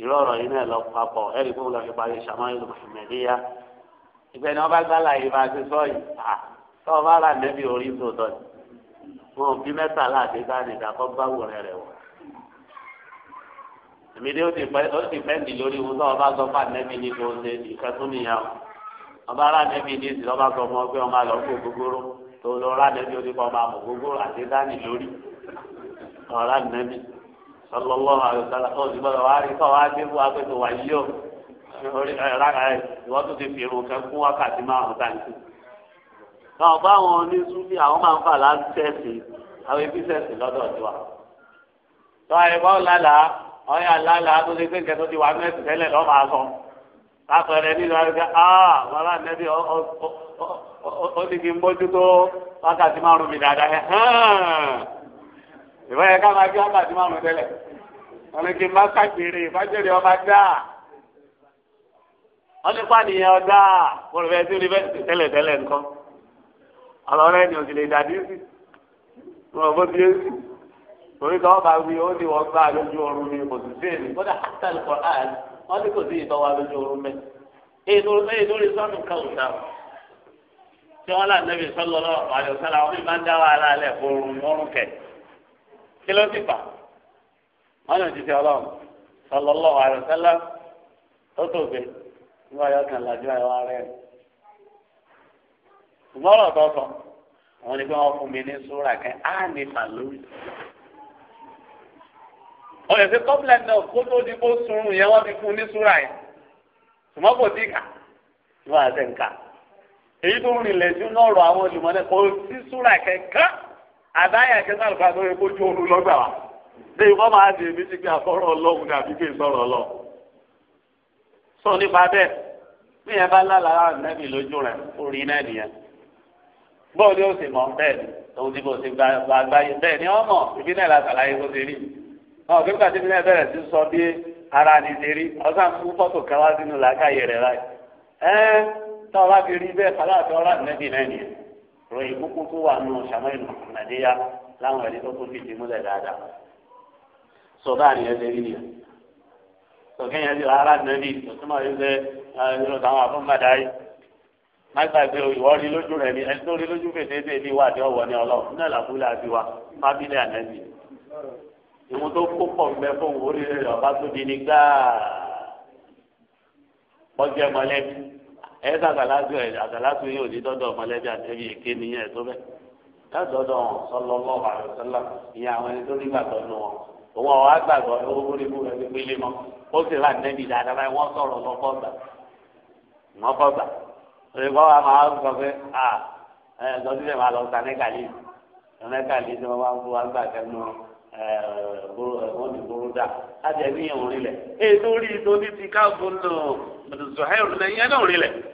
ìró ọ̀rọ̀ yìí náà lọ papọ̀ ẹ̀rí kó lọ fi parí sàmáyé lọ Muhammadiyya ìgbẹ́ ni wọ́n bá gbá láàyè bá ti sọ yìí à tọ́ bá rà nẹ́bí orí tó tọ́ ni wọn ò bí mẹ́tàlá àti dání ìdákọ́ bá wò rẹ̀ rẹ̀ wọ̀ èmi ni ó ti pẹ́ ó ti pẹ́ nìlórí wọn tọ́ ọba sọ fún ànẹ́bí ní kò ṣe ìfẹ́ tún nìyẹn o ọba rà nẹ́bí ní ìsìn ọba sọ fún ọ pé ọmọ àlọ́ lọ sọlọ́lọ́ àlùkálà tó ti gbọ́dọ̀ wá rí kọ́ wá dé fún apẹ̀tọ̀ wá yíyọ ìwọ́n tó ti fèrò kan fún wákàtí márùn-ún táǹkì. náà bá àwọn oníṣúlì àwọn máa ń fà láńtẹ̀sì àwọn ebíṣẹ̀sì lọ́dọ̀ tiwa. tọ́ ẹ bá lálàá ọ̀yà lálàá tó ti gbẹ̀ǹkẹ́ tó ti wà mẹ́sì tẹ́lẹ̀ lọ́ máa sọ. lápẹẹrẹ nínú àríkà áà ah, bàbá nẹ́bí ó ti kí n bójútó wákàtí márùn-ún ìbá yẹ ká máa gbé wákàtí márùn tẹ́lẹ̀ wọn kì í má sàgbére ìbájẹrẹ ọba dáa wọn ní pàdéyàn ọdá pọlọfẹsì yunifásitì tẹ́lẹ̀ tẹ́lẹ̀ nǹkan ọlọrọ ẹni òsì lè dàbí sí wọn bó ti yé sí torí kan bá wí ó ní wọn gbá lójú oorun mi kò sì sí èmi kódà hàtàlì kọ áàl wọn ní kò sí ìtọ́ wa lójú oorun mẹ èyí tó rí sọnù kàwùtà tí wọn là nẹbi sọlọ lọ àlùsálà wọn bí máa ń dá wàhálà lẹ fún oorun mọrùn kẹ kí ló sì fà wọn lè alaihi wasallam tó tòbe nígbà yọ kan làjú àyọwà rẹ ṣùgbọ́n ọ̀rọ̀ tó sọ àwọn ni pé wọ́n fún mi ní súrà kẹ́ á ní màlúù ọ̀yọ̀ sí kọ́pìlẹ̀ náà kó tó di kó sunrun yẹn wọ́n ti fún ní súrà yẹn ṣùgbọ́n kò tíì kà ní wọ́n àti nǹkan èyí tó rìn lẹ́jú náà rọ àwọn olùmọ̀lẹ́ kò sí súrà kẹ́kẹ́ àdáyà kẹta lùfà tó yẹ kó jó oorun lọ́gbà wa ṣé ìwọ́n máa di èmi sí pé àfọ́rọ̀ ọlọ́run dàbí pé ìsọ̀rọ̀ ọlọ́ sọ nípa bẹ́ẹ̀ bí yẹn bá lálàá nẹ́bì lójú rẹ̀ orí náà nìyẹn bọ́ọ̀lù yóò sì mọ̀ bẹ́ẹ̀ ni tòun ti bò sí gbàgbáyé bẹ́ẹ̀ ni ọmọ ìbí náà la ṣàlàyé bó ṣe rí náà kí nígbà tí ìbí bẹ̀rẹ̀ sí sọ bí ara ni ṣe rí ọ̀sán fún fọ́tò kan sínú làákàyè rẹ̀ láì ẹ́ tọ́ ọ ròyìn kúkú tó wà nù sàmúlẹ̀ nàdíyà láwọn ẹni tó tó fi dìímú lẹ̀ dáadáa sọ báà nìyẹn ṣe rí nìyẹn sọ kéèyàn ti rárá nàbí ìtòsímọ̀ yìí ṣe ẹ̀rọ táwọn afọ́nbàdá yìí má gbàgbé ìwọ rí lójú rẹ ni ẹni tó rí lójú fèsì ní ìwà àti ọwọ́ ní Ọlọ́run náà làbúlé àti wa má bílẹ̀ ìwọ tó kó pọ̀ ń bẹ fóun oríire rẹ ọba tó di ní gbáà ọjọ́ ẹ̀mọ́lẹ́bí ẹ sàgàlásù ẹ àgàlásù yóò di dọdọ mọ̀lẹ́bí àtẹbí èké nìyẹn tó bẹ látọ̀dọ̀ wọn sọlọ mọ àrùn sọlá ìyẹn àwọn ẹni tó nígbàgbọ́ nù wọn òun àwọn àgbàgbọ́ owó múlẹ múlẹ ti pélé mọ ó sì rà nẹbi dáadáa báyìí wọn sọ̀rọ̀ lọkọgbà lọkọgbà òye kọ́ wa máa sọ pé à ẹ lọ́sílẹ̀ máa lọ sa nẹ́kàlí nẹ́kàlí tí wọ́n bá ń fún àgbà kẹnu ẹ wọ́n ti burú dà ti káàbù nù zọ̀hẹ́rù lẹ́yìn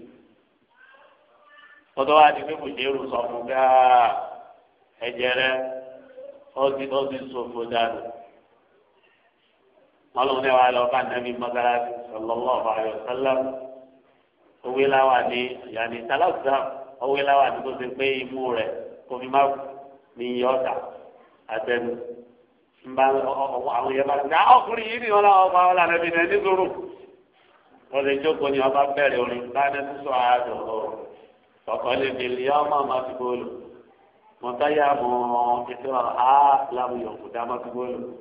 kótó wá di pé kò ṣe é rò sọmù gáà ah, ẹ̀jẹ̀ rẹ ó ti ó ti sòfò dànù ọlọ́run náà wà lọ bá nàbí mọ́gàlásì sallallahu alaihi wasallam owó láwà ní yàní tàlàkùsà owó láwà ní kó ṣe pé imú rẹ kò fi má ní iye ọ̀tà àtẹnu nba àwọn yẹn bá ti náà ah, ọkùnrin yìí ni wọn náà ọba wọn lànà ìbílẹ̀ nítorí wọn lè jókòó ni ọba bẹ̀rẹ̀ orin bá a ní sísọ àádọ́ فقال اليوم مقبول متيام كثيرا آه لم يقدا مقبول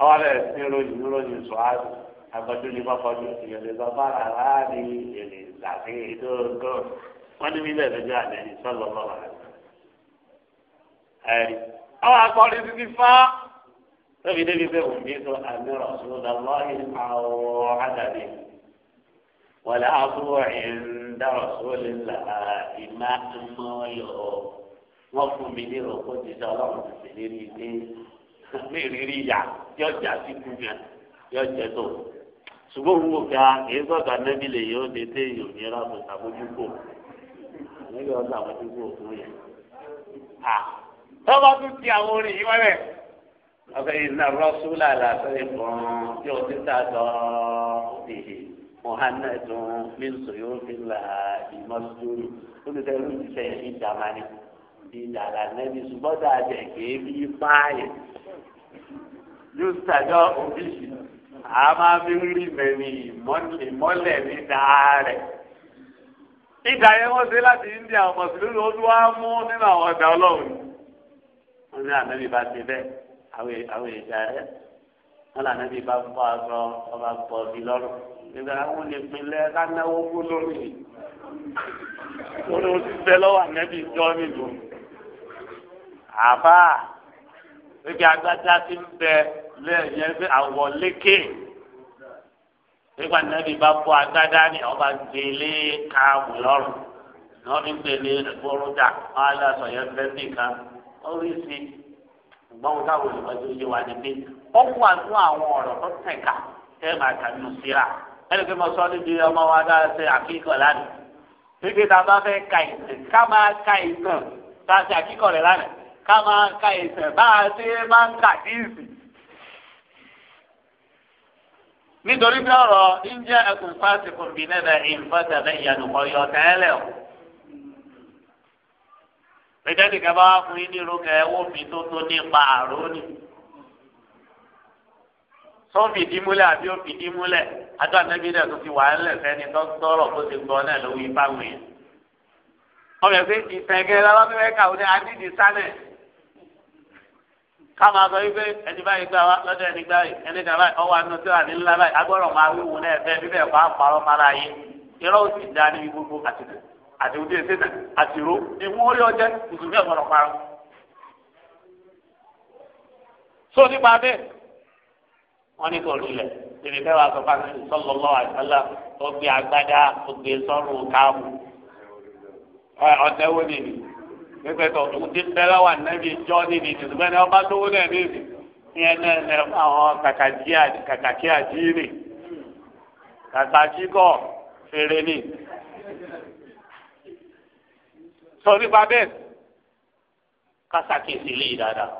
أولا نيرون نيرون سؤال أبدو لي بفضل يلي زبار عراني يلي زعفي دور دور wọ́n mi lẹ́nu jẹ́ àlẹ́yìn sọ́lọ́ lọ́wọ́ rẹ̀. ẹ̀rí àwọn akọrin ti ti fa tóbi débi pé òun yìí tó àmì rọ̀ṣùn lọ́wọ́ ìhà ọ̀ àdàdé wọ́n lè àbúrò ìdá ọ̀ṣọ́lẹ̀ là ìmá mọ́ọ̀lọ́ wọ́n fún mi ní ìrọ̀kọ́ ti sọ ọlọ́run ti sì lérí ilé ní ìrírí ìyá yóò jà sí kúnyà yóò jẹ tó ṣùgbọ́n òun wò ká èyí sọ̀tà nẹ́bí lè yóò dé té èyí ò ní ra bùtà bójúkò níbi ọ̀sán àbójúkò òkú yẹn. tọ́ba tún ti àwọn orin yìí wọlé ọ̀sẹ̀ ìnáwó rọ́ṣúlà làtọ́ ìfọ̀n tí o ti sá muhammadun min suyufila imasduru olùdarí ìfẹ́ ìdàmánì ìdàlà nẹ́bí ṣùgbọ́n dàbẹ̀ kéèbí fáyẹ̀ yóò sàdọ̀ òbí yìí a máa fi rí mẹ́rin ìmọ́lẹ̀ ní dáárẹ̀. ìdá yẹn wọ́n ṣe láti India mùsùlùmí ó wá mú nínú àwọn ọ̀dà ọlọ́run. wọ́n ní ànábì bá ṣe bẹ́ẹ̀ àwọn èdè ààrẹ wọ́n ní ànábì bá fọ́ aṣọ ọba pọ̀ sí lọ́rùn ìgbà àwọn olèpinlẹ̀ kánáwó kú lórí lórí oṣù bẹ́ẹ̀ lọ́wọ́ ànẹ́bí jọ́ nìlú. àbá ibi agbájá ti ń bẹ lẹ́yìn pé àwọ̀ lékè nígbà ànẹ́bí bá bọ́ agbádá ni ọba gbélé káàmù lọ́rùn ní wọ́n fi ń gbélé gbórójà wọ́n á lọ sọ̀yẹ́ bẹ́ẹ̀ nìkan orí sí gbọ́n káwọn olùkọ́jú yé wa ni pé ọ̀pọ̀ àdúrà àwọn ọ̀rọ̀ tó tẹ̀ka tẹ́ẹ̀ máa kà nù síra ẹni pé mo sọ níbi ọmọ wa dára ṣe àkíkọ̀ lánàá pípé tá a bá fẹ́ ka ìsìn ká máa ka ìsìn tá a ṣe àkíkọ̀ rẹ̀ lánàá ká máa ka ìsìn bá a ṣe máa ń kà sí ìsìn. nítorí bí ọ̀rọ̀ ìjẹ́ ẹkùn fásitì kò bí nẹ́bẹ̀ ìfọ́tẹ̀ bẹ́ẹ̀ ìyànú kọ́ yọ tẹ́lẹ̀ o. pẹ̀jẹ́ nìkan wà fún yín ní irun kẹ́ wọ́n tó tó nípa àrò ni. sọ́ọ̀fì dímúlẹ̀ àbí òfì dímúlẹ̀ adó anabi náà tó fi wà lẹ fẹni tọrọ kó ti gbọ́ náà lówó ifá wẹ ọbẹ pé ìtẹgẹ lọlọpẹ káwọn ní adídì sálẹ káma sọ wípé ẹni báyìí gbà wá lọ́dọ̀ ẹni gbà yìí ẹni gbà báyìí ọwọ́ àánú tí wà ní ńlá báyìí agbọrọ máa wíwò náà ẹfẹ bíbẹ ẹkọ àpárọ mara yìí irọ́ ó sì dá níbi gbogbo àtìkù àti wọn ní kò rilẹ tèmi fẹ wàá sọ fún akẹ́kọ̀ọ́ sọlọ lọ́wọ́ àìsàlá tó gbé agbádá tó gbé sọ́rùn káàbù ọ̀tẹ́wó nìyí pípẹ́ tó tó ti bẹ́ lọ́wọ́ ànábì jọ́ nìyí tùtùbẹ́ ni ọba tó wúlẹ̀ nìyí ìyẹn náà ní àwọn kàkàkí àjíìrì kàkàkíkọ̀ fèrè ni. sọ nípa bẹ́ẹ̀ kásákèsì lè dáadáa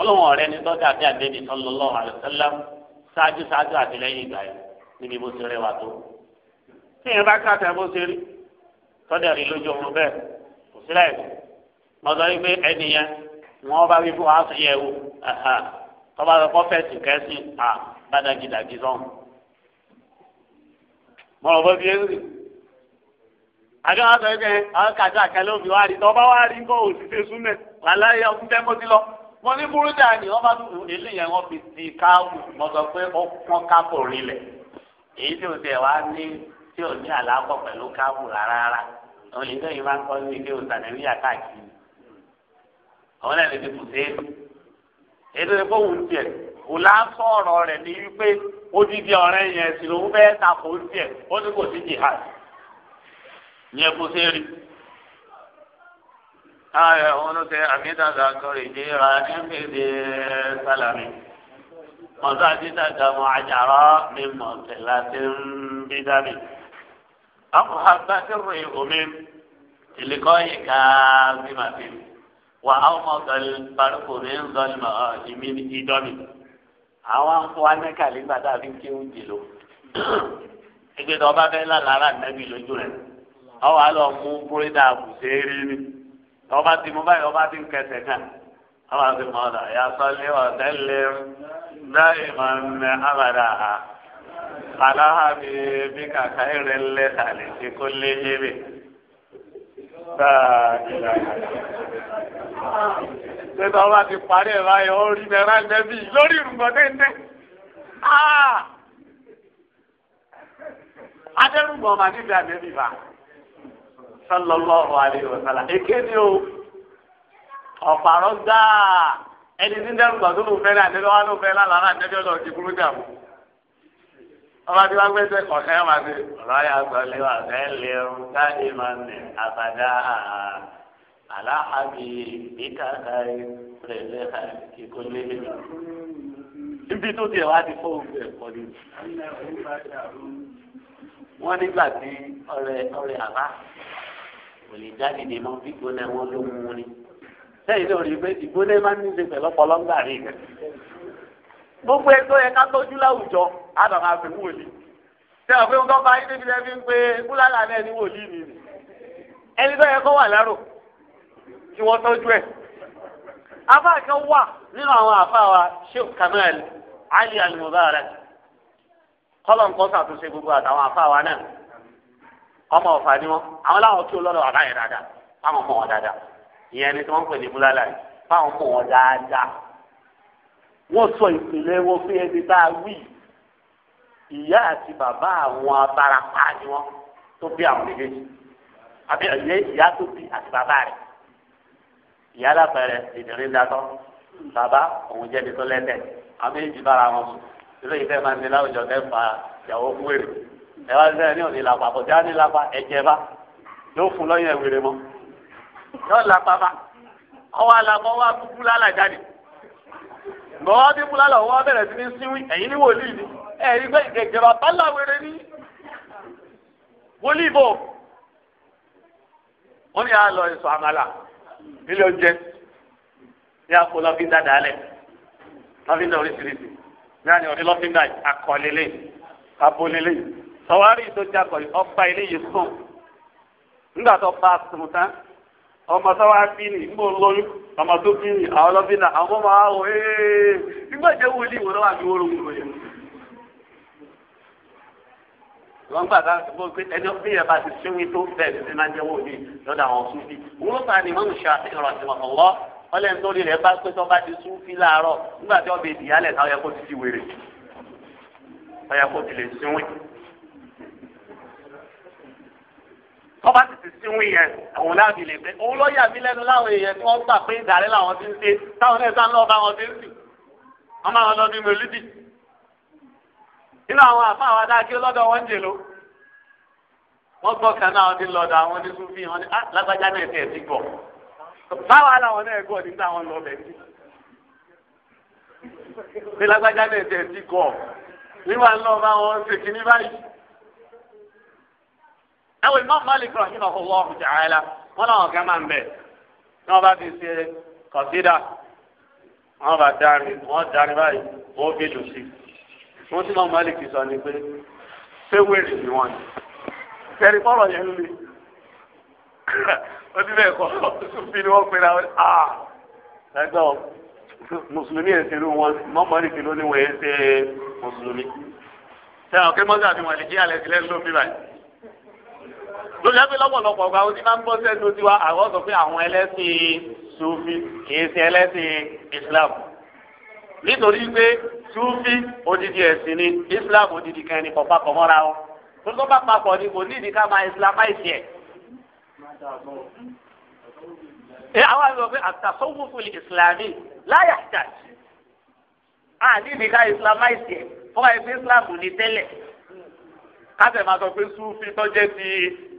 ọlọ́wọ́n ọ̀rẹ́ ni tọ́jú àti àdébì sallallahu alaihi wasallam ṣáájú ṣáájú àti lẹ́yìn ìgbà yẹn níbi bó ṣe rẹwà tó. tí èèyàn bá kàtà bó ṣe rí tọ́jú àrí lójú ọmọ bẹ́ẹ̀ kò sí láì fún mọ́tò wípé ẹni yẹn wọ́n bá wí fún wa sọ yẹ wo tọ́ba lọ kọ́ fẹ̀sì kẹ́sì à dáadáa sọ́hùn. mo rọ̀ bọ́ bí ẹ ń àjọ àwọn sọ wọ́n ní búrúdà ni wọ́n bá tún eléyàn wọ́n fi ti káwù wọ́n sọ pé wọ́n kápò rinlẹ̀ èyí tí o tẹ̀ wá ní tí o ní àlákọ̀ pẹ̀lú káwù rárá àwọn èyí náà yìí máa ń kọ́ ní ilé òtàlẹ́ríyà káàkiri àwọn náà lè fi kù sí ètò ìfọ̀ wù ú tiẹ̀ kò lásán ọ̀rọ̀ rẹ̀ ní wípé odidi ọ̀rẹ́ yẹn sì lòun fẹ́ takò ó tiẹ̀ ó ní kò sí jihad yẹn kò sí rí ayọ̀ ọ̀hún ló tẹ àmìtàgà kọrin dé ra ẹ̀mẹ́dẹ́ sálámì mọ̀tò àdìtàgà mọ̀ àjàrà mi mọ̀ tẹ̀lá ti ń bí dábì. àwọn abájọ́rò omi tìlíkọ́ yìí ká bí màá fi wà á mọ̀ sọ̀lì parukù mi ń sọ̀lì mọ̀ ìmí ìdọ́mi. àwọn afọ anẹ́kàlí gbàdá fi ń kí oúnjẹ lò. ìgbésẹ̀ ọba bẹ́ẹ̀ lálàárà nẹ́bí lójú rẹ̀ ọwọ́ àlọ́ mú búrẹ́dà àbùsẹ́ rí ni ọba ti mú báyìí ọba ti ń kẹsẹ̀ kan ọba ti mọ ọ̀dà yàtọ̀ lé ọ̀tẹ́lẹ̀ dáì máa ń mẹ abàdà ha aláhàbí bí kàkà ìrẹ̀ lẹ̀ tàlẹ̀ tí kò lé yébè tẹ́tọ́ ọba ti parí ẹ̀ báyìí ó rí mẹ́rà nẹ́bí lórí ìrùngbọ̀n tẹ́ntẹ́ ah! adẹ́rùngbọ̀n màdìbí àdẹ́bí bá sallallahu alaihi wa sallam èkéde o ọ̀pàrọ̀ gbáà ẹni tí ń dẹ́rù gbà tó ló fẹ́ rẹ̀ àtẹ́lẹ́wà ló fẹ́ lálàárà àtẹ́lẹ́ ọ̀dọ̀ ti burú jà mú. ọba tí wàá gbé sẹ́ ọ̀kẹ́ wà sí ọ̀rọ̀ ayé àgbọ̀lẹ́ wà fẹ́ lè rún káàdì máa nì àbàdà aláhàbì ìkàkà ìrẹ̀lẹ̀ ìkọlẹ́ níbi tó tiẹ̀ wá ti fóun bẹ̀ pọ̀ ni. wọ́n nígbà tí ọ̀rẹ́ ọ̀rẹ́ àbá kò lè jáde dè mọ́ wọn ló mú ni sẹ́yìn náà rí i pé ìgbóná máa ń ní ṣe pẹ̀lú ọpọlọ́ngbà rí i gbogbo ẹgbẹ́ yẹn ká tọ́jú láwùjọ àdàmà fi wòlíì ṣé àwọn fíwọn kọ́ba yín níbi lẹ́bi ń pe kúlálà náà ní wòlíì mi ni ẹni tó yẹ kó wà lárò tí wọ́n tọ́jú ẹ̀ àfáà kan wà nínú àwọn àfáà wa Sheikh Kamal Ali Al-Mubarak kọ́lọ̀ nǹkan ṣàtúnṣe gbogbo àtàwọn àfáà wa náà ọmọ ọ̀fà ni wọn àwọn làwọn kí olóòlù àbá yẹn dáadáa fáwọn ọmọ wọn dáadáa ìyẹn ni tí wọ́n pè ní búlálà fáwọn ọmọ wọn dáadáa wọ́n sọ ìpìlẹ̀ wọn fún ẹni bá wí ìyá àti bàbá àwọn abarapá ni wọn tó bí àwọn méjèèjì àbí ẹ̀yẹ ìyá tó bí àti bàbá rẹ̀ ìyá lápẹ̀rẹ̀ ìdìrín dátọ́ bàbá òun jẹ́ ẹni tó lẹ́tẹ̀ àwọn méjèèjì bára wọn sùn ìlú ìfẹ́ máa ń ní láwùjọ kẹfà ìyàwó fún ẹ wá sẹ́yìn ní òní làpá kò sí á ní làpá ẹ̀jẹ̀ bá yóò fún lọ́yìn ẹ̀wèrè mọ́ yóò làpá bá ọwọ́ àlàpọ̀ wá kúkú lálà jáde mọ̀ wá bí fúlálà ọwọ́ bẹ̀rẹ̀ sí ní síwí ẹ̀yìn ní wòlíì ni ẹ̀rí pé ìjẹ̀jẹ̀ bàbá làwèrè ní wòlíì bò wọ́n ní àlọ́ èso àmàlà nílé oúnjẹ ní àpò lọ́fíì dáadáa lẹ̀ lọ́fíì náà oríṣiríṣi ní àná sọwárì tó jákọ̀ ọ̀pá eléyìí sùn nígbà tó pa sùn tán ọmọ sọwá bí ni ń bò ń lóyún ọmọ tó bí ni àwọn ọlọ́bí náà àwọn ọmọ àwọn ọ̀hún ee nígbà jẹ́ wọlé ìwọ lọ́wọ́ àbí wọ́n lóyún lóyún. wọ́n gbà ká bó pé ẹni bí ẹ bá ti síwí tó bẹ̀rẹ̀ sí máa ń jẹ́ wọlé lọ́dọ̀ àwọn súnfì wọ́n fà ní mọ́nù ṣàfihàn ọ̀sẹ̀ wọ́n lẹ́nu tó rí rẹ̀ bá pé tó bá ti sún láàárọ̀ nígbà tí ọbẹ̀ tọ́ba ti ti sinwi yẹn òun láàbì lè fẹ́ òun ló yà mí lẹ́nu láwọn èèyàn tí wọ́n gbà pé ìdàrẹ́ làwọn ti ń ṣe táwọn náà sá ń lọ́ọ́ bá wọn ti ń sìn wọ́n máa wọn lọ bí mẹ́lídì nínú àwọn àfa àwọn adáké lọ́dọ̀ wọn jèlò wọ́n gbọ́ kan náà ti lọ́dọ̀ àwọn ní sunfin wọn ni á ah, lágbájá náà ti ẹ̀ ti gbọ̀ báwa làwọn náà gbọ́ nígbà wọn lọ bẹ̀ ní pé lágbájá náà ti ẹ̀ ti gbọ̀ níwà ń bá wọn ṣèkínní báyìí ẹwọ Imam Malik rahimahullah ta'ala wọn náà kẹ máa ń bẹ ní wọn bá ti ṣe kọsídà wọn bá darí wọn darí báyìí wọn fi lù sí wọn tí Imam Malik sọ ni pé ṣé wèrè ni wọn ni kẹrì fọlọ yẹn lè ó ti bẹ kọ fi ni wọn pera ah ẹgbẹ mùsùlùmí ẹ ṣe irú wọn Imam Malik ló ní wọn ẹ ṣe mùsùlùmí. sẹ́wọ̀n kí mọ́tò àti mọ̀lẹ́kí alẹ́ sílẹ̀ ló ń bí báyìí lórí ẹgbẹ́ lọ́pọ̀lọpọ̀ ọgbà òní máa ń gbọ́ sẹ́nu tiwa àwọn sọ pé àwọn ẹlẹ́sìn sufi kìí ṣe ẹlẹ́sìn islam nítorí pé sufi odidi ẹ̀sìn ni islam odidi kan ni kò papọ̀ mọ́ra o tó tó bá papọ̀ ni kò ní ìdíkà máa islamize yẹ. ẹ àwọn àgbẹ̀ pé àtàsọ́wọ́fù ìsìlámì láyà jà àní ìdíkà islamize yẹ fún àìsí islam ní tẹ́lẹ̀ káfíńmá sọ pé sufi tó jẹ́ ti.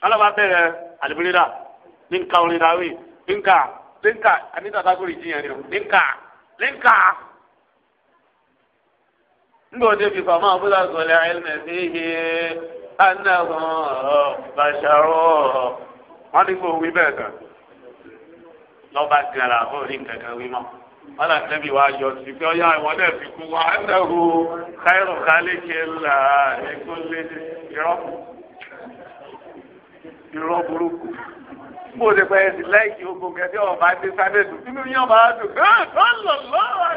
alaba bẹ̀rẹ̀ alibilida ninka olinawi ninka ninka ani tata kuli jiyan ni o ninka ninka ndo de fi fama abula sọlẹ ẹlmẹ fihi anahu basharu wọn ni kò wí bẹ́ẹ̀ kan lọba gara ó ní kankan wí mọ wọn là tẹbi wá yọ sí pé ọyá ìwọn fi kú wa anahu káyọrọ kálí kí ẹ là ẹ kó irọ́ burúkú bó ṣe pẹ́ sí láìkí ogun kẹsí ọba dé sábẹ́ dùn nínú yín ọba dùn ọlọ́lọ́.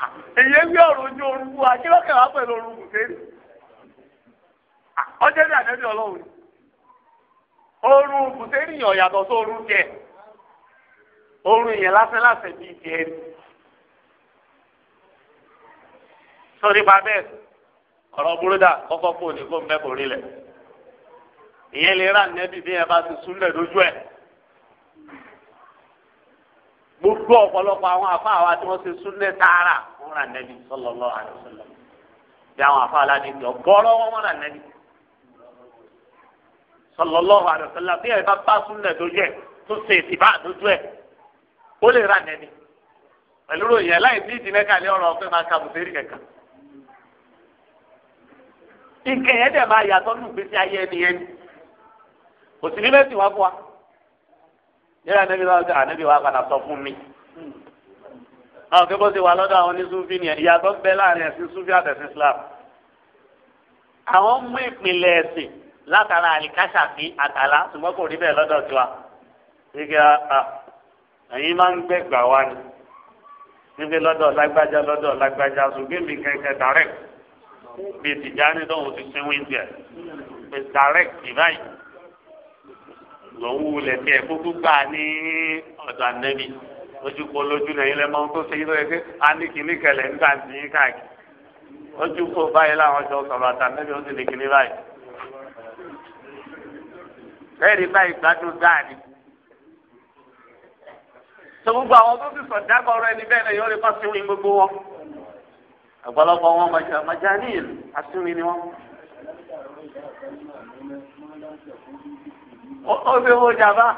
Ah, èyí ń gbé ọ̀rọ̀ ojú orúkú akílọ́kẹ̀ wá pẹ̀lú orúkú kéde. ọjọ́ ní àdébí ọlọ́run ìyẹn lè rà nẹ́bí bí yẹn bá ti súnlẹ̀ lójú ẹ̀. gbogbo ọ̀pọ̀lọpọ̀ àwọn afá àwa tí wọ́n ti súnlẹ̀ tààrà wọ́n rà nẹ́bí sallallahu alaihi wasallam. bí àwọn afá aládìgbò bọ́ọ̀rọ̀ wọn wọ́n rà nẹ́bí. sallallahu alaihi wasallam bí yẹn bá bá súnlẹ̀ lójú ẹ̀ tó ṣe ìtìbá lójú ẹ̀ ó lè rà nẹ́bí. pẹ̀lú ròyìn láì ní ìdílẹ́kàlẹ́ ọ̀rọ̀ pé máa ka bùtẹ́rì kẹ̀kẹ́ ìkẹyẹ dẹ̀ máa yàtọ̀ nù gbèsè ayé ẹni yẹn kò sí nílẹ̀ tì wá fún wa yẹ́n ànábi wa ànábi wa padà sọ fún mi àwọn kébó ti wà lọ́dọ̀ àwọn onísúfì nìyẹn ìyàtọ̀ ń bẹ láàrin ẹ̀sìn súfì àtẹ̀sìn Islam àwọn mú ìpìlẹ̀ ẹ̀sìn látara àlìkáṣàfi àtàlà ṣùgbọ́n kò rí bẹ́ẹ̀ lọ́dọ̀ tiwa gbígbé a ah, ah, ẹ̀yin máa ń gbẹ̀gbà wa ni gbígbé lọ́dọ̀ lágbájá lọ́dọ̀ lágbájá ṣùgbọ́n mi kẹ̀kẹ́ direct bíi tìjáni tó ń ti sinwi tiẹ̀ direct báyìí lòun wulẹ̀ tiẹ̀ kúkú gbà ní ọ̀dọ̀ ànẹ́bí ojú kò lójú lẹ́yìn lẹ́mọ́ tó ṣe yí lóye pé a ní kìíní kẹlẹ̀ ń gbà ní káàkiri ojú kò báyìí láwọn jọ sọ̀rọ̀ àtànẹ́bí ó sì ní kìíní báyìí. bẹ́ẹ̀ni báyìí gbádùn dáa ni. tó gbogbo àwọn tó ti sọ̀ dábọ̀rọ̀ ẹni bẹ́ẹ̀ lẹ́yìn ó lè pàṣẹ wí gbogbo wọn. àgbàlagbà wọn màjá ní ìlú àṣírí ó fi owó jàmbá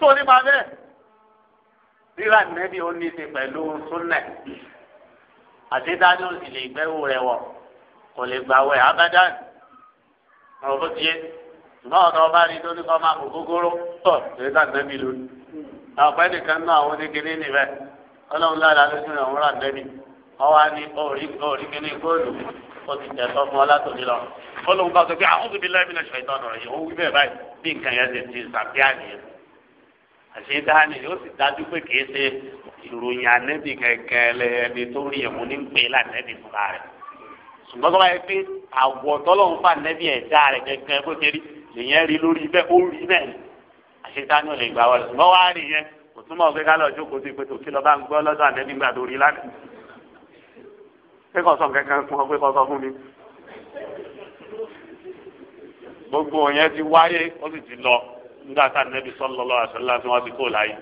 tó nípa bẹ́ẹ̀ rírà nẹ́bí ó ní ti pẹ̀lú súnẹ̀ àti dání ó sì lè gbẹ́wò rẹ̀ wọ̀ kò lè gbà wẹ̀ abẹ́dán ọ̀rọ̀ bó ti yé ṣùgbọ́n ọ̀dọ̀ ọba rí tó ní kọ́ máa kó gógóró tọ̀ rírà nẹ́bí lónìí ọ̀pẹ́ nìkan náà àwọn oníkíní níbẹ̀ ọlọ́run lára lójú rẹ̀ wọ́n rà nẹ́bí ọwọ́ ni orí kíní góòlù ó ti tẹ̀ sọ́fún ọlátòmí lọ. ó lóun bá sọ pé àwọn òbí bí nǹkan yẹn ti ti sàbíà nìyẹn àṣedáni yóò sì dájú pé kìí ṣe ìròyìn ànẹ́bì kẹ̀kẹ́ ẹni tó rí ẹ̀mú ní pé lànẹ́bì fúnra rẹ̀ ṣùgbọ́n tó bá yẹ pé àwọ̀ tọ́lọ́hún fà nẹ́bì ẹ̀dá rẹ̀ kẹ̀kẹ́ bó ṣe rí lèyẹn rí lórí bẹ́ẹ̀ ó rí bẹ́ẹ̀ ni àṣedáni ò lè gbà wọlé ṣùgbọ́n wá rí yẹn kò túmọ̀ pé ká lọ jókòó sí pé tòkí lọ́ba ń gbọ́ lọ́dọ̀ gbogbo yẹn ti wáyé ó sì ti lọ nígbà tá nẹbi sallallahu alaihi wasallam tí wọn ti kó láyé.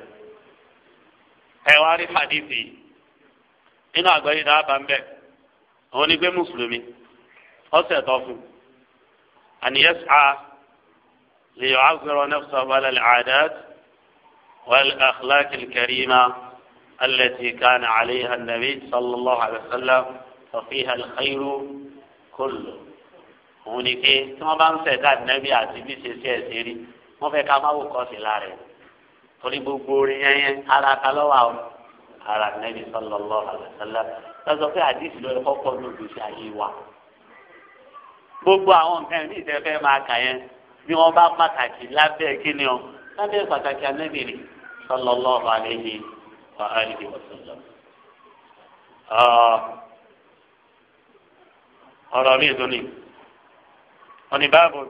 ẹ wá rí hadithi nínú àgbáyé náà bá ń bẹ òun ni pé mùsùlùmí ọsẹ tó fún àníyẹsì á lè yọ àgbẹrọ nẹfṣọ wàlẹ àdáàt wàlẹ àkàlàkì kẹrìmà التي كان عليها النبي صلى الله عليه وسلم ففيها الخير كله òun ni pé tí wọ́n bá ń ṣẹ̀dá nẹ́bí àti bí ṣe ṣe ẹ̀ṣẹ̀ rí wọ́n fẹ́ ká má wò kọ́ sí lára ẹ̀ torí gbogbo orin yẹn yẹn ara ta lọ́wọ́ àwọn ara nẹ́bí sallallahu alaihi wasallam lọ́sọ̀ pé àdìsí ló yẹ kọ́kọ́ ní ògbésí ayé wa gbogbo àwọn nǹkan ẹ̀mí ìtẹ́fẹ́ máa kà yẹn bí wọ́n bá pàtàkì lábẹ́ kíni o lábẹ́ pàtàkì anẹ́bí rí sallallahu alaihi wa alihi wasallam ọ̀rọ̀ mi ìdúnnì wọn ni báàbò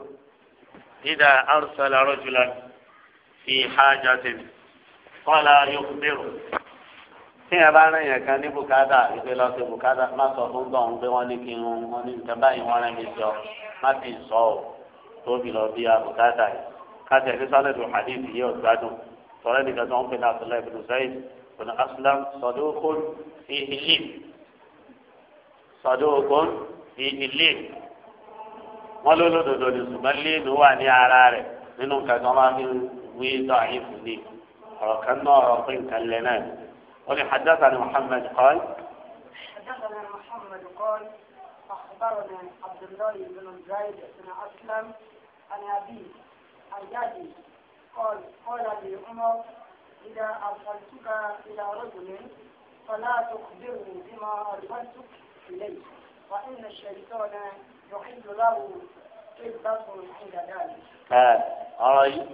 dídá arúsọ̀lá rọ́jùlá fi hájà tèmi kọ́lá yóò bẹ̀rù tí yẹn bá rìn yẹn kan ní bùkátà ìgbé lọ sí bùkátà má sọ fún gbọ̀n pé wọ́n ní kí n wọn ní nǹkan báyìí wọ́n rẹ̀ mí sọ má sì sọ ọ́ tóbi lọ bí abùkátà yìí kájà ìdí sálẹ̀ tó hadith yìí ọ̀gbádùn sọ̀rọ̀ nìkan tó ń pè ní abdullahi ibn zayd ibn aslam sọdọ́kùn fi fi ilé wọn ló lódodo ní ṣùgbọ́n léèlú wà ní ara rẹ̀ nínú nǹkan kan máa fi wí tọ́ àyè fún mi ọ̀rọ̀ kan náà ọ̀rọ̀ pé nǹkan lẹ náà ó ní hadassah ni muhammed kọ́l. hadassah ni muhammed kọ́l. أخبرنا عبد الله بن زيد بن أسلم عن أبي عن جدي قال قال لي عمر إذا أرسلتك إلى رجل فلا تخبرني بما أرسلتك إليه وإن الشيطان ẹ ọ̀rọ̀ yìí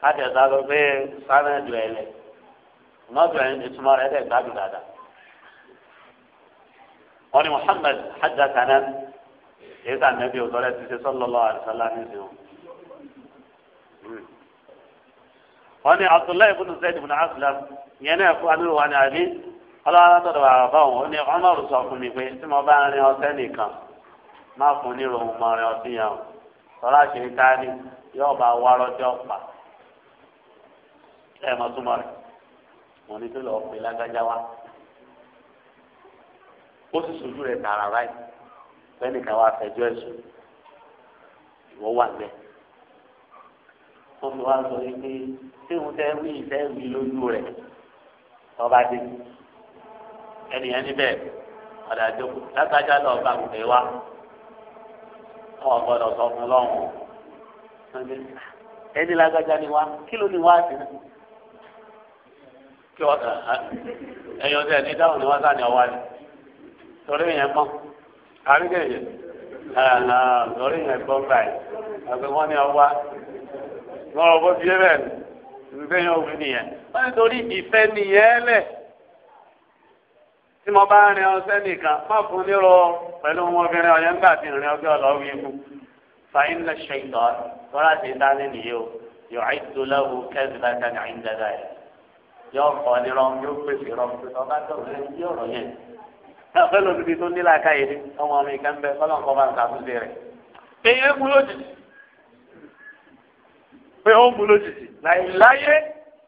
kájọta ló pé sánẹdù ẹ lẹ nọọsù ẹ ìtumọ̀ rẹ̀ dẹ gbádùn dáadáa wọn ni Muhammad hajj kanan èyí sàn nẹbi òtọrẹ ti ṣe sọlọlọ àdìsọlá ní ìsìn wọn ni Abdullahi ibùdó Zayd ibùdó Aslam yẹn náà fún amírù wa ni àbí ọlọ́wọ́ alátọ̀dọ̀ bàbá wọn ni Umar sọ fún mi pé tí mo bá ń rin ọsẹ má fún ní ròhùn ọtí yẹn o tọ́lá ṣe ń tání yóò bá wá lọ́jọ́ pa ẹ mọ̀ túmọ̀ rẹ̀ mo ní tó lọ́ọ́ wa ó sì sojú rẹ̀ tààrà fẹjọ́ ẹ̀sùn wà bẹ́ẹ̀ fi wá sọ yìí pé tí tẹ́ wí ìfẹ́ wí lójú rẹ̀ tọ́ba dé ẹnìyẹn níbẹ̀ jókòó lọ́ọ́ bá wá. wọn gbọ́dọ̀ sọ fún lọ́hùn ẹni lágbájá ni wá kí ló ní wá sí kí wọn ẹyọ tẹ ní dáhùn ni wọn sá ní ọwá ni torí yẹn pọn àríkèyè torí yẹn pọn báyìí àti wọn ní ọwá wọn ò bó fi ẹ bẹ́ẹ̀ ní nǹkan yẹn ò nìyẹn wọn nítorí ìfẹ́ nìyẹn lẹ tí mo bá rin ọsẹ nìkan má fún nírọ pẹ̀lú ọmọbìnrin ọyẹ ńgbà tí rin ọgbẹ ọlọwọ ikú fàyín lè ṣe ìtọ tọ́lá ti dá nínú yìí o yọ àìtó lẹ́wọ̀ kẹ́sì láta ní àyín dáadáa yẹ yọ kọ́ nírọ yóò pèsè rọ pé ọba tó rẹ yí ọ̀rọ̀ yẹn náà fẹ́ lóbi tó nílà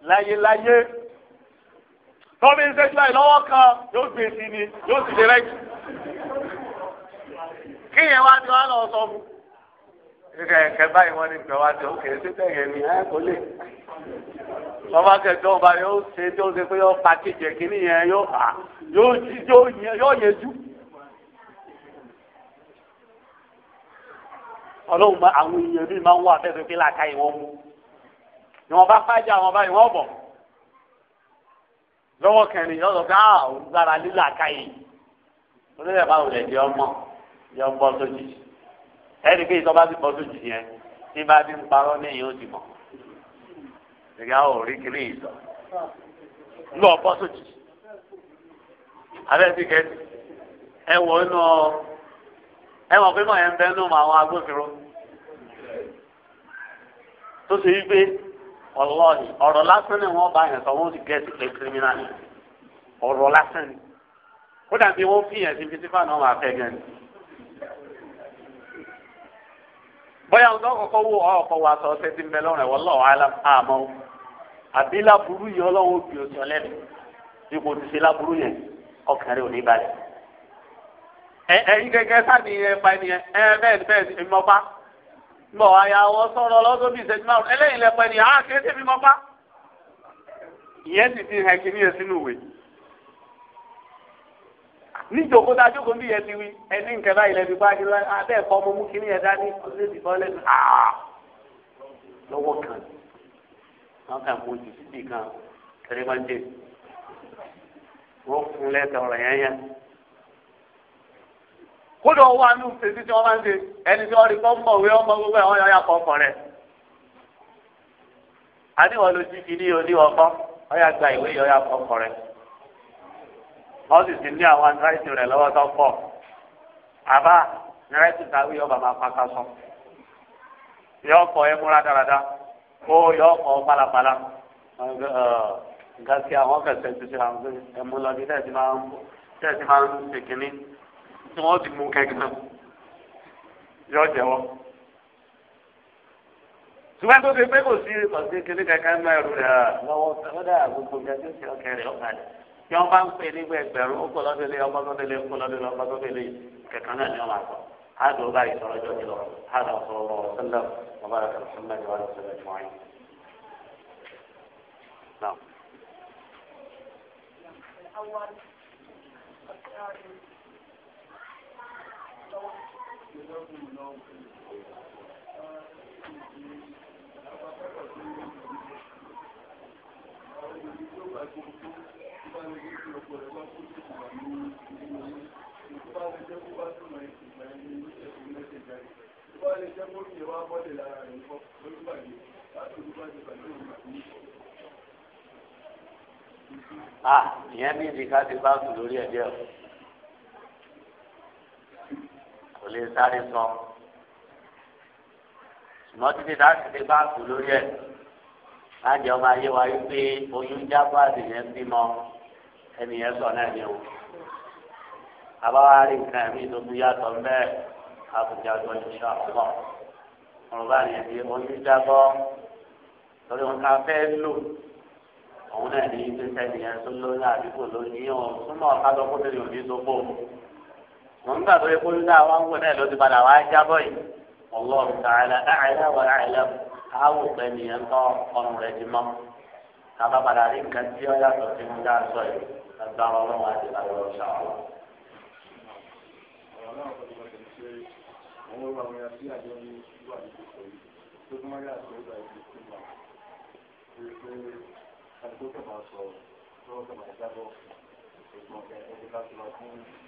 láyé láyé láyé tọ́bí ń sẹ́jú láì lọ́wọ́ kan yóò gbé sí ni yóò sì lérẹ́ jù. kí yẹn wá ní wá lọ sọ fún. ìgbà ẹ̀kẹ́ báyìí wọ́n ní ìgbà wá sí òkè sí bẹ́ẹ̀ ni ẹ̀ kò lè. ọba kẹjọ ọba yóò ṣe tí ó ṣe pé yóò pa kíjẹ kí nìyẹn yóò yóò jí yóò yẹ jú. ọlọ́run àwọn èèyàn bíi máa ń wà fẹ́ẹ́ fi pé làákàyè wọn mú. ìwọ̀nba fájà wọn báyìí wọ́n bọ̀ lọ́wọ́ kẹrin yọ sọ pé a ah, ò gbára lílà káyè onílẹ̀ bá wùlẹ̀ di ọmọ yọ bọ́ sójì ẹni pé ìtọ́ bá ti bọ́ sójì yẹn tí bá ti ń parọ́ ní èyí ó ti mọ̀ ìyá ò rí kiri ìtọ́ lọ bọ́ sójì abẹ́ ti kẹ́ni ẹ wọ inú ẹ wọ pé mọ̀ ẹ ń bẹ́ẹ̀ nù mọ àwọn agbófinró tó ṣe yí pé ọlọ́ọ̀ni ọ̀rọ̀ lásán ni wọ́n bá yẹn sọ wọ́n ti gẹ̀ẹ́sì pé kírímínà ni ọ̀rọ̀ lásán ni kódà bí wọ́n fìyàn sí fitifá náà máa fẹ́ gan ni. bóyá ọ̀dọ́ kọ̀kọ́ wo ọ̀kọ̀ wa sọ ọ̀sẹ̀ tí ń bẹ lọ́rùn ẹ̀wọ̀n lọ́wọ́ àmọ́ àbí láburú yìí ọlọ́wọ́ òbí oṣù ọlẹ́nu ipò ti ṣe láburú yẹn ọkàn rẹ̀ ò ní balẹ̀. ẹ̀yin gẹ́gẹ́ sáà gbọ́ àyà wọ́n sọ̀rọ̀ lọ́dún bíi ìṣẹ́jú márùn eléyìí lẹ́pẹ́ ni àá kéré tèmi mọ́ pa. ìyẹn sì ti hàn kí níyẹn sínú ìwé. níjókòó tá a jókòó bí yẹn ti wí ẹni nǹkan báyìí lẹ́bi bá kí lọ́wọ́ abẹ́ ẹ̀kọ́ ọmọ mú kí kan wọ́n mú ti wọ́n kódà ọwọ́ àánú ṣèṣì tí wọ́n máa ń ṣe ẹni tí wọ́n rí pọ́ńpọ̀ wé ọmọ gbogbo àwọn yàrá pọ́ńpọ̀ rẹ̀. àníwọ̀n ló jí kiri oníwọ̀n kọ́ ọ̀yà gba ìwé yọ̀ọ́yà pọ́ńpọ̀ rẹ̀. wọ́n sì ti ní àwọn anúráìtì rẹ̀ lọ́wọ́ tó pọ̀. àbá nírẹ́tì tàwí yọ bàbá pátá sọ. yọ ọkọ̀ ẹ múra dáradá ó yọ ọkọ̀ pálapàla. gàtí àwọn kẹsẹ̀ ti ṣe tí wọ́n ti mú kẹ́kẹ́ yọ jẹ́wọ́. ṣùgbọ́n tó ti pé kò sí ọ̀sẹ̀ kékeré kankan náà ẹ̀rù rẹ̀ lọ́wọ́ sọ́dọ̀ àgùntò gẹ́gẹ́ sí ọkẹ́ rẹ̀ ọ̀kadà tí wọ́n bá ń pè ní ẹgbẹ̀rún ọkọ̀ lọ́dẹ̀lẹ̀ ọkọ̀ lọ́dẹ̀lẹ̀ ọkọ̀ lọ́dẹ̀lẹ̀ ọkọ̀ lọ́dẹ̀lẹ̀ kẹ̀kẹ́ náà ni wọ́n máa sọ. هذا وباقي صلى الله هذا صلى الله عليه وسلم وبارك على محمد وعلى اله وصحبه اجمعين. نعم. Ah, ìyẹn bí ìdíkà ti bá sùn lórí ẹ̀jẹ̀ o kò lè sáré sọ ṣùgbọ́n títí tá a ti fi báàkù lórí ẹ̀ láti ọmọ ayé wa wípé oyún jábọ́ àdìyẹn bímọ ẹnìyẹn sọ náà ni o àbáwá rí nǹkan ẹ̀mí tó tún yàtọ̀ mbẹ́ àbújá lọ ìṣọ́ ọ̀pọ̀ ọ̀rọ̀ bá yẹn ní oyún jábọ́ lórí wọn ká fẹ́ lò òun náà ní ìgbésẹ̀ ẹnìyẹn tó lóyún àdúgbò lóyún yìí wọn súnmọ́ ọ̀ká lọ́kọ́ tẹ̀lé òní tó bò ó wọn gbà tó yẹ kó lóṣà wá ń wò náà ló ti padà wá jábọ̀ yìí ọlọ́run tààlà àìlá wà àìlá àwọn òpè nìyẹn tán ọrùn rẹ̀ ti mọ́ kábà padà rí nǹkan tí ó yàtọ̀ sí mú dáa sọ yìí ẹgbẹ́ ọlọ́run àti àwọn ọ̀ṣà wọn. Thank you.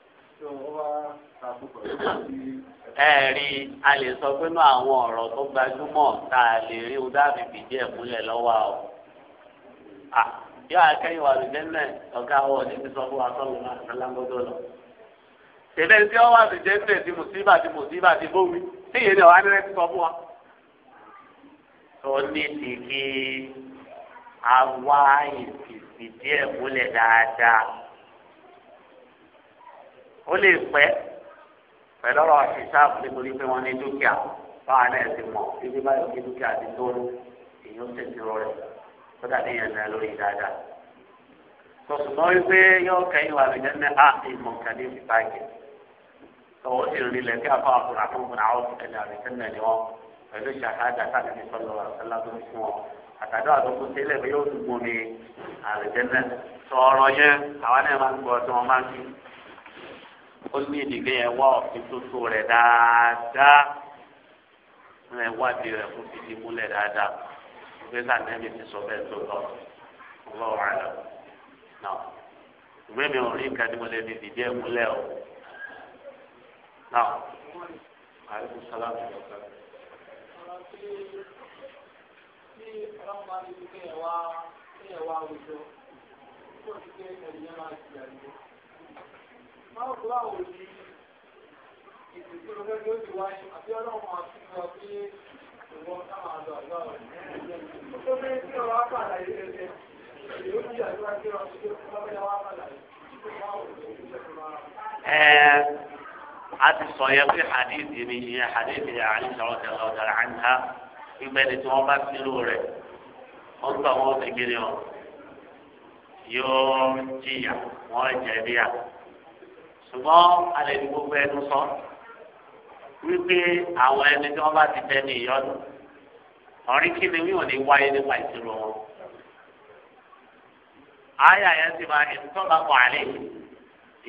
ẹ̀rí a lè sọ pé náà àwọn ọ̀rọ̀ tó gbajúmọ̀ tá a lè rí o dábì fìdí ẹ̀ múlẹ̀ lọ́wọ́ o. yóò akẹ́yìn wà lùjẹ́ náà ọ̀gá wọ̀ ní ti sọ fún wa sọ́ọ̀lù náà alágbọ́dọ̀ lọ. tẹ̀lé tí wọ́n wà lùjẹ́ náà ti mùsíbà ti mùsíbà ti bómi tí yìí ni ọ̀hán ní rẹ̀ ti sọ fún wa. tó ti kí a wá ìfìdí ẹ̀ múlẹ̀ dáadáa ó lè pẹ́ pẹ̀lú ọ̀rọ̀ ìṣàbù nítorí pé wọ́n ní dúkìá báwa náà ti mọ̀ ibi báyọ̀ kí dúkìá ti tó èyí ó sì ti rọrẹ̀ tó dàbí yẹn náà lórí dáadáa. sọ̀tùmọ́ wípé yóò kẹ́yìn wà lójẹ́ ní a ìmọ̀ kàdé ti báyìí tọwọ́ sì rí lẹ́kí afọ àkùrà fún fún àwọn ẹni àbẹ̀tẹ́ náà ni wọ́n pẹ̀lú ṣàkádà sáàdì sọ̀lọ́ àṣálá tó fi wọn àtàdọ́ àdókò sílẹ̀ bí yóò dùgbò ní náà sọ ọ̀rọ̀ yẹn àwọn náà máa ń gbọ́ tí wọ́n máa ń kí ó ní ìdílé yẹn wá òfin tuntun rẹ̀ dáadáa rẹ̀ wádìí rẹ̀ fún fìdí múlẹ̀ dáadáa ìgbé sànẹ́bí ti sọ bẹ́ẹ̀ tó lọ ọlọ́wọ́ àlọ́ náà ìgbé mi ò rí nǹkan tí mo lè fi fìdí ẹ̀ múlẹ̀ o náà. Àìsàn máa bú àwọn òní ìsìnkú ló ndị ló ti sọ yẹ pé tí bá sílò gbà ṣùgbọ́n alẹ́ ní gbogbo ẹnu sọ wípé àwọn ẹni tí wọ́n bá ti tẹ́ ní ìyọ́nù ọ̀rìn kí ni wíwọ̀n ní wáyé nípa ìṣirò wọn. àyà yẹn ti máa ń tọ́ba pọ̀ àlẹ́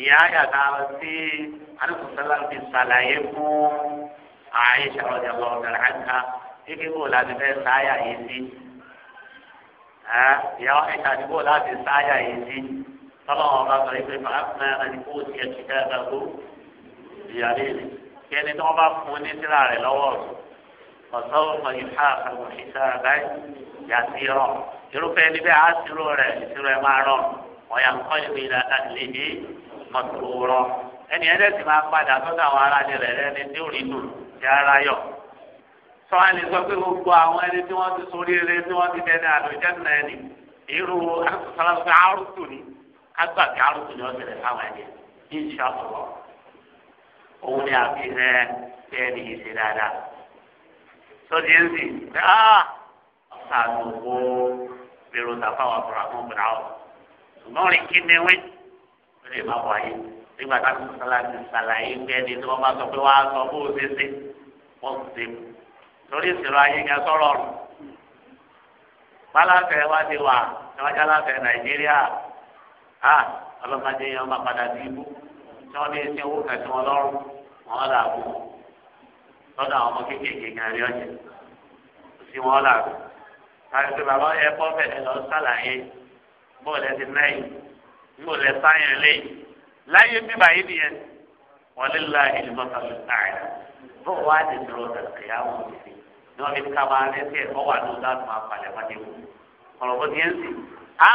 ìyá àyà ká sí alùpùpùsálà fi ṣàlàyé fún àyíṣà ọ̀dẹ̀ ọ̀dẹ̀ àjà kíkí kò láti fẹ́ sáyà yìí sí. ìyá àyíṣà ti láti sáyà yìí sí tọ́lọ́wọ́ ọba sọ yìí pé fàáfínà ẹni kó tiẹ̀ ti ká ẹ̀ka kó ìyàrá ìlú kí ẹni tó bá fún ní síra rẹ̀ lọ́wọ́ ọ̀sọ́wọ́ mọ̀ ìfá àkàwọ̀ ìṣá àbáyé yàtí rọ̀ irúfẹ́ ẹni bẹ́ẹ̀ á sírò rẹ̀ ìṣirò ẹ̀ máa rọ̀ ọ̀yà ńkọ́ ìwé ìlà àtìlẹ́yìn mọ̀tò rọ̀ ẹni ẹ̀dẹ́ sì máa padà sọ́dọ̀ àwọn ará kágbà kí arúgbó ni ọ̀sẹ̀ rẹ̀ fáwọn ẹni insha Allah òun ni àfi rẹ bẹ́ẹ̀ ni ìṣe dáadáa sọ́dí ẹ̀ ń sìn bẹ́ẹ̀ ah, á sàánù owó bẹ̀rù tàfáwọn àbúrò àwọn ọ̀gbìn àwọn ṣùgbọ́n rìn kí ni wí ó lè má wáyé nígbà tá a sàlàyé sàlàyé pé tí wọ́n bá sọ pé wọ́n á sọ bó o ṣe ṣe wọ́n ti ṣe lórí ìṣòro ayé ga sọ̀rọ̀ rù. bálàfẹ́ wá ti wà ṣọwájà láfẹ́ nàìjíríà a ọlọ́mọdé yẹn máa padà sí ibú tí wọ́n lè ṣe owó kẹsì wọn lọ́rùn wọn làbò lọ́dọ̀ àwọn ọmọ kéékèèké kan rí ọ̀jẹ̀ sí wọn làbò àti bàbá ẹ bọ́ bẹ̀rẹ̀ lọ sàlàyé bó lẹ ti náyì bó lẹ sáyẹn lé láyé bíbá yìí nìyẹn wọn lè la ìdìbò kan lọ bó wàá ti dúró tẹ̀sán yà wọ́n ti fi fi ká máa ní ẹsẹ ẹkọ wà lóòótọ́ àti máa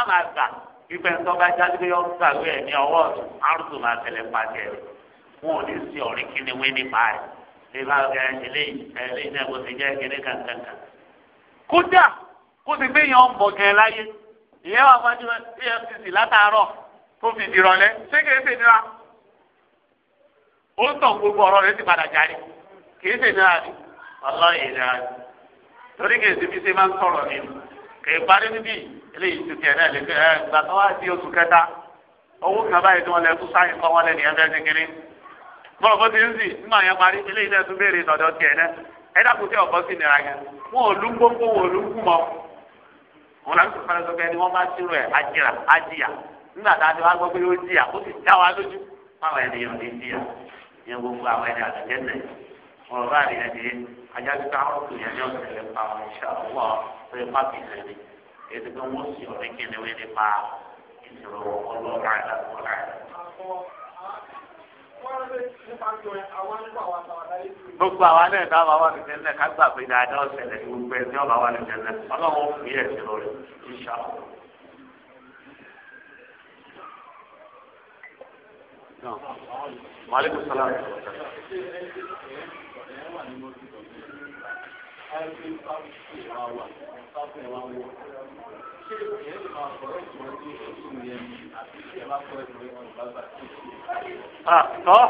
palẹ̀ ìfẹ́ ńsọ́ba jáde yọ gbàgbé ẹ̀mí ọwọ́ arúgbó máa tẹ̀lé pàṣẹ wọn ò ní sí ọ̀rí kíni wí nípa ẹ̀ nípa ẹ̀ eléyìí eléyìí náà kò ti jẹ́ kíní kankan. kódà kó ti gbé yan bọ̀ gẹ̀ láyé ìyẹn wà fún efcc látàárọ̀ tó fi dìrọ̀lẹ́ ṣé kìí ṣe nira ó ń tàn gbogbo ọ̀rọ̀ rẹ̀ ti padà jáde kìí ṣe nira ni ọlọ́ọ̀ torí kìí ṣe fi ṣe máa ń sọ̀rọ̀ nínú. ìparí níbí eléyìí ti tiẹ̀ náà lè fi ẹ gbà tó wá sí oṣù kẹta owó kan báyìí tí wọ́n lè fún sáyìn kọ́ wọ́n lè nìyẹn fẹ́ẹ́ kékeré bọ́ọ̀ bó ti ń sì nígbà yẹn parí tún béèrè tọ̀dọ̀ tiẹ̀ náà ẹ dákun tí ọ̀bọ nira yẹn wọn ò lú gbogbo wọn ò lú mọ́ wọn wọ́n bá ẹ̀ ajìyà ajìyà nígbà tá a ti wá gbọ́ pé ó jìyà ó sì já àjálù tá a kò tó yẹn ní ọ̀sẹ̀ lè pa àwọn iṣẹ́ àwọ̀ tó yẹ má bì lẹ́ni èyí tó wọ́n sì ọ̀rẹ́ kí ni wọ́n lè pa ìṣòro ọlọ́ọ̀rọ̀ àdàbọ̀lá rẹ̀. gbogbo àwa náà dá àwa wà lẹ́sẹ̀ náà ká gbà pé dáadáa ọ̀sẹ̀ lè gbogbo ẹ̀ ní ọ̀bà wà lẹ́sẹ̀ náà ọlọ́run fi ẹ̀sìn rẹ̀ ìṣà. Maaleykum salaam ẹgbẹ́ fáwọn ìwà wà fáwọn ìwà wọ. ṣé ìyẹn lè máa sọ ẹ̀sùn ẹ̀sùn ẹ̀sùn yẹn ni àti ìyẹn máa sọ ẹ̀sùn ẹ̀sùn bàbá tó ṣe. àtọ́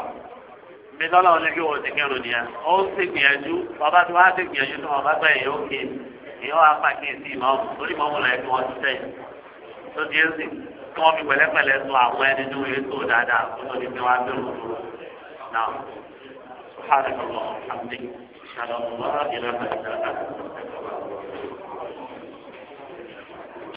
mi lọ́la wọn ní kí wọ́n ti kírun nìyẹn ó ń ṣe gbìyànjú bàbá tí wọ́n á ṣe gbìyànjú tó wọn bá gbà yẹn ó ké èyí wọ́n á pàkíyèsí ìmọ̀ torí mọ́ wọn lẹ́yìn tí wọ́n ti sẹ́yìn tó di ẹ̀sìn kí wọ́n fi pẹ̀lẹ́pẹ̀lẹ́ sọ àwọn ẹni tó yẹ tó dáadáa kó tó di pé wọ́n á bẹ̀rù tó náà. سبحانك اللهم وبحمدك على الله إلى ما إلى أنت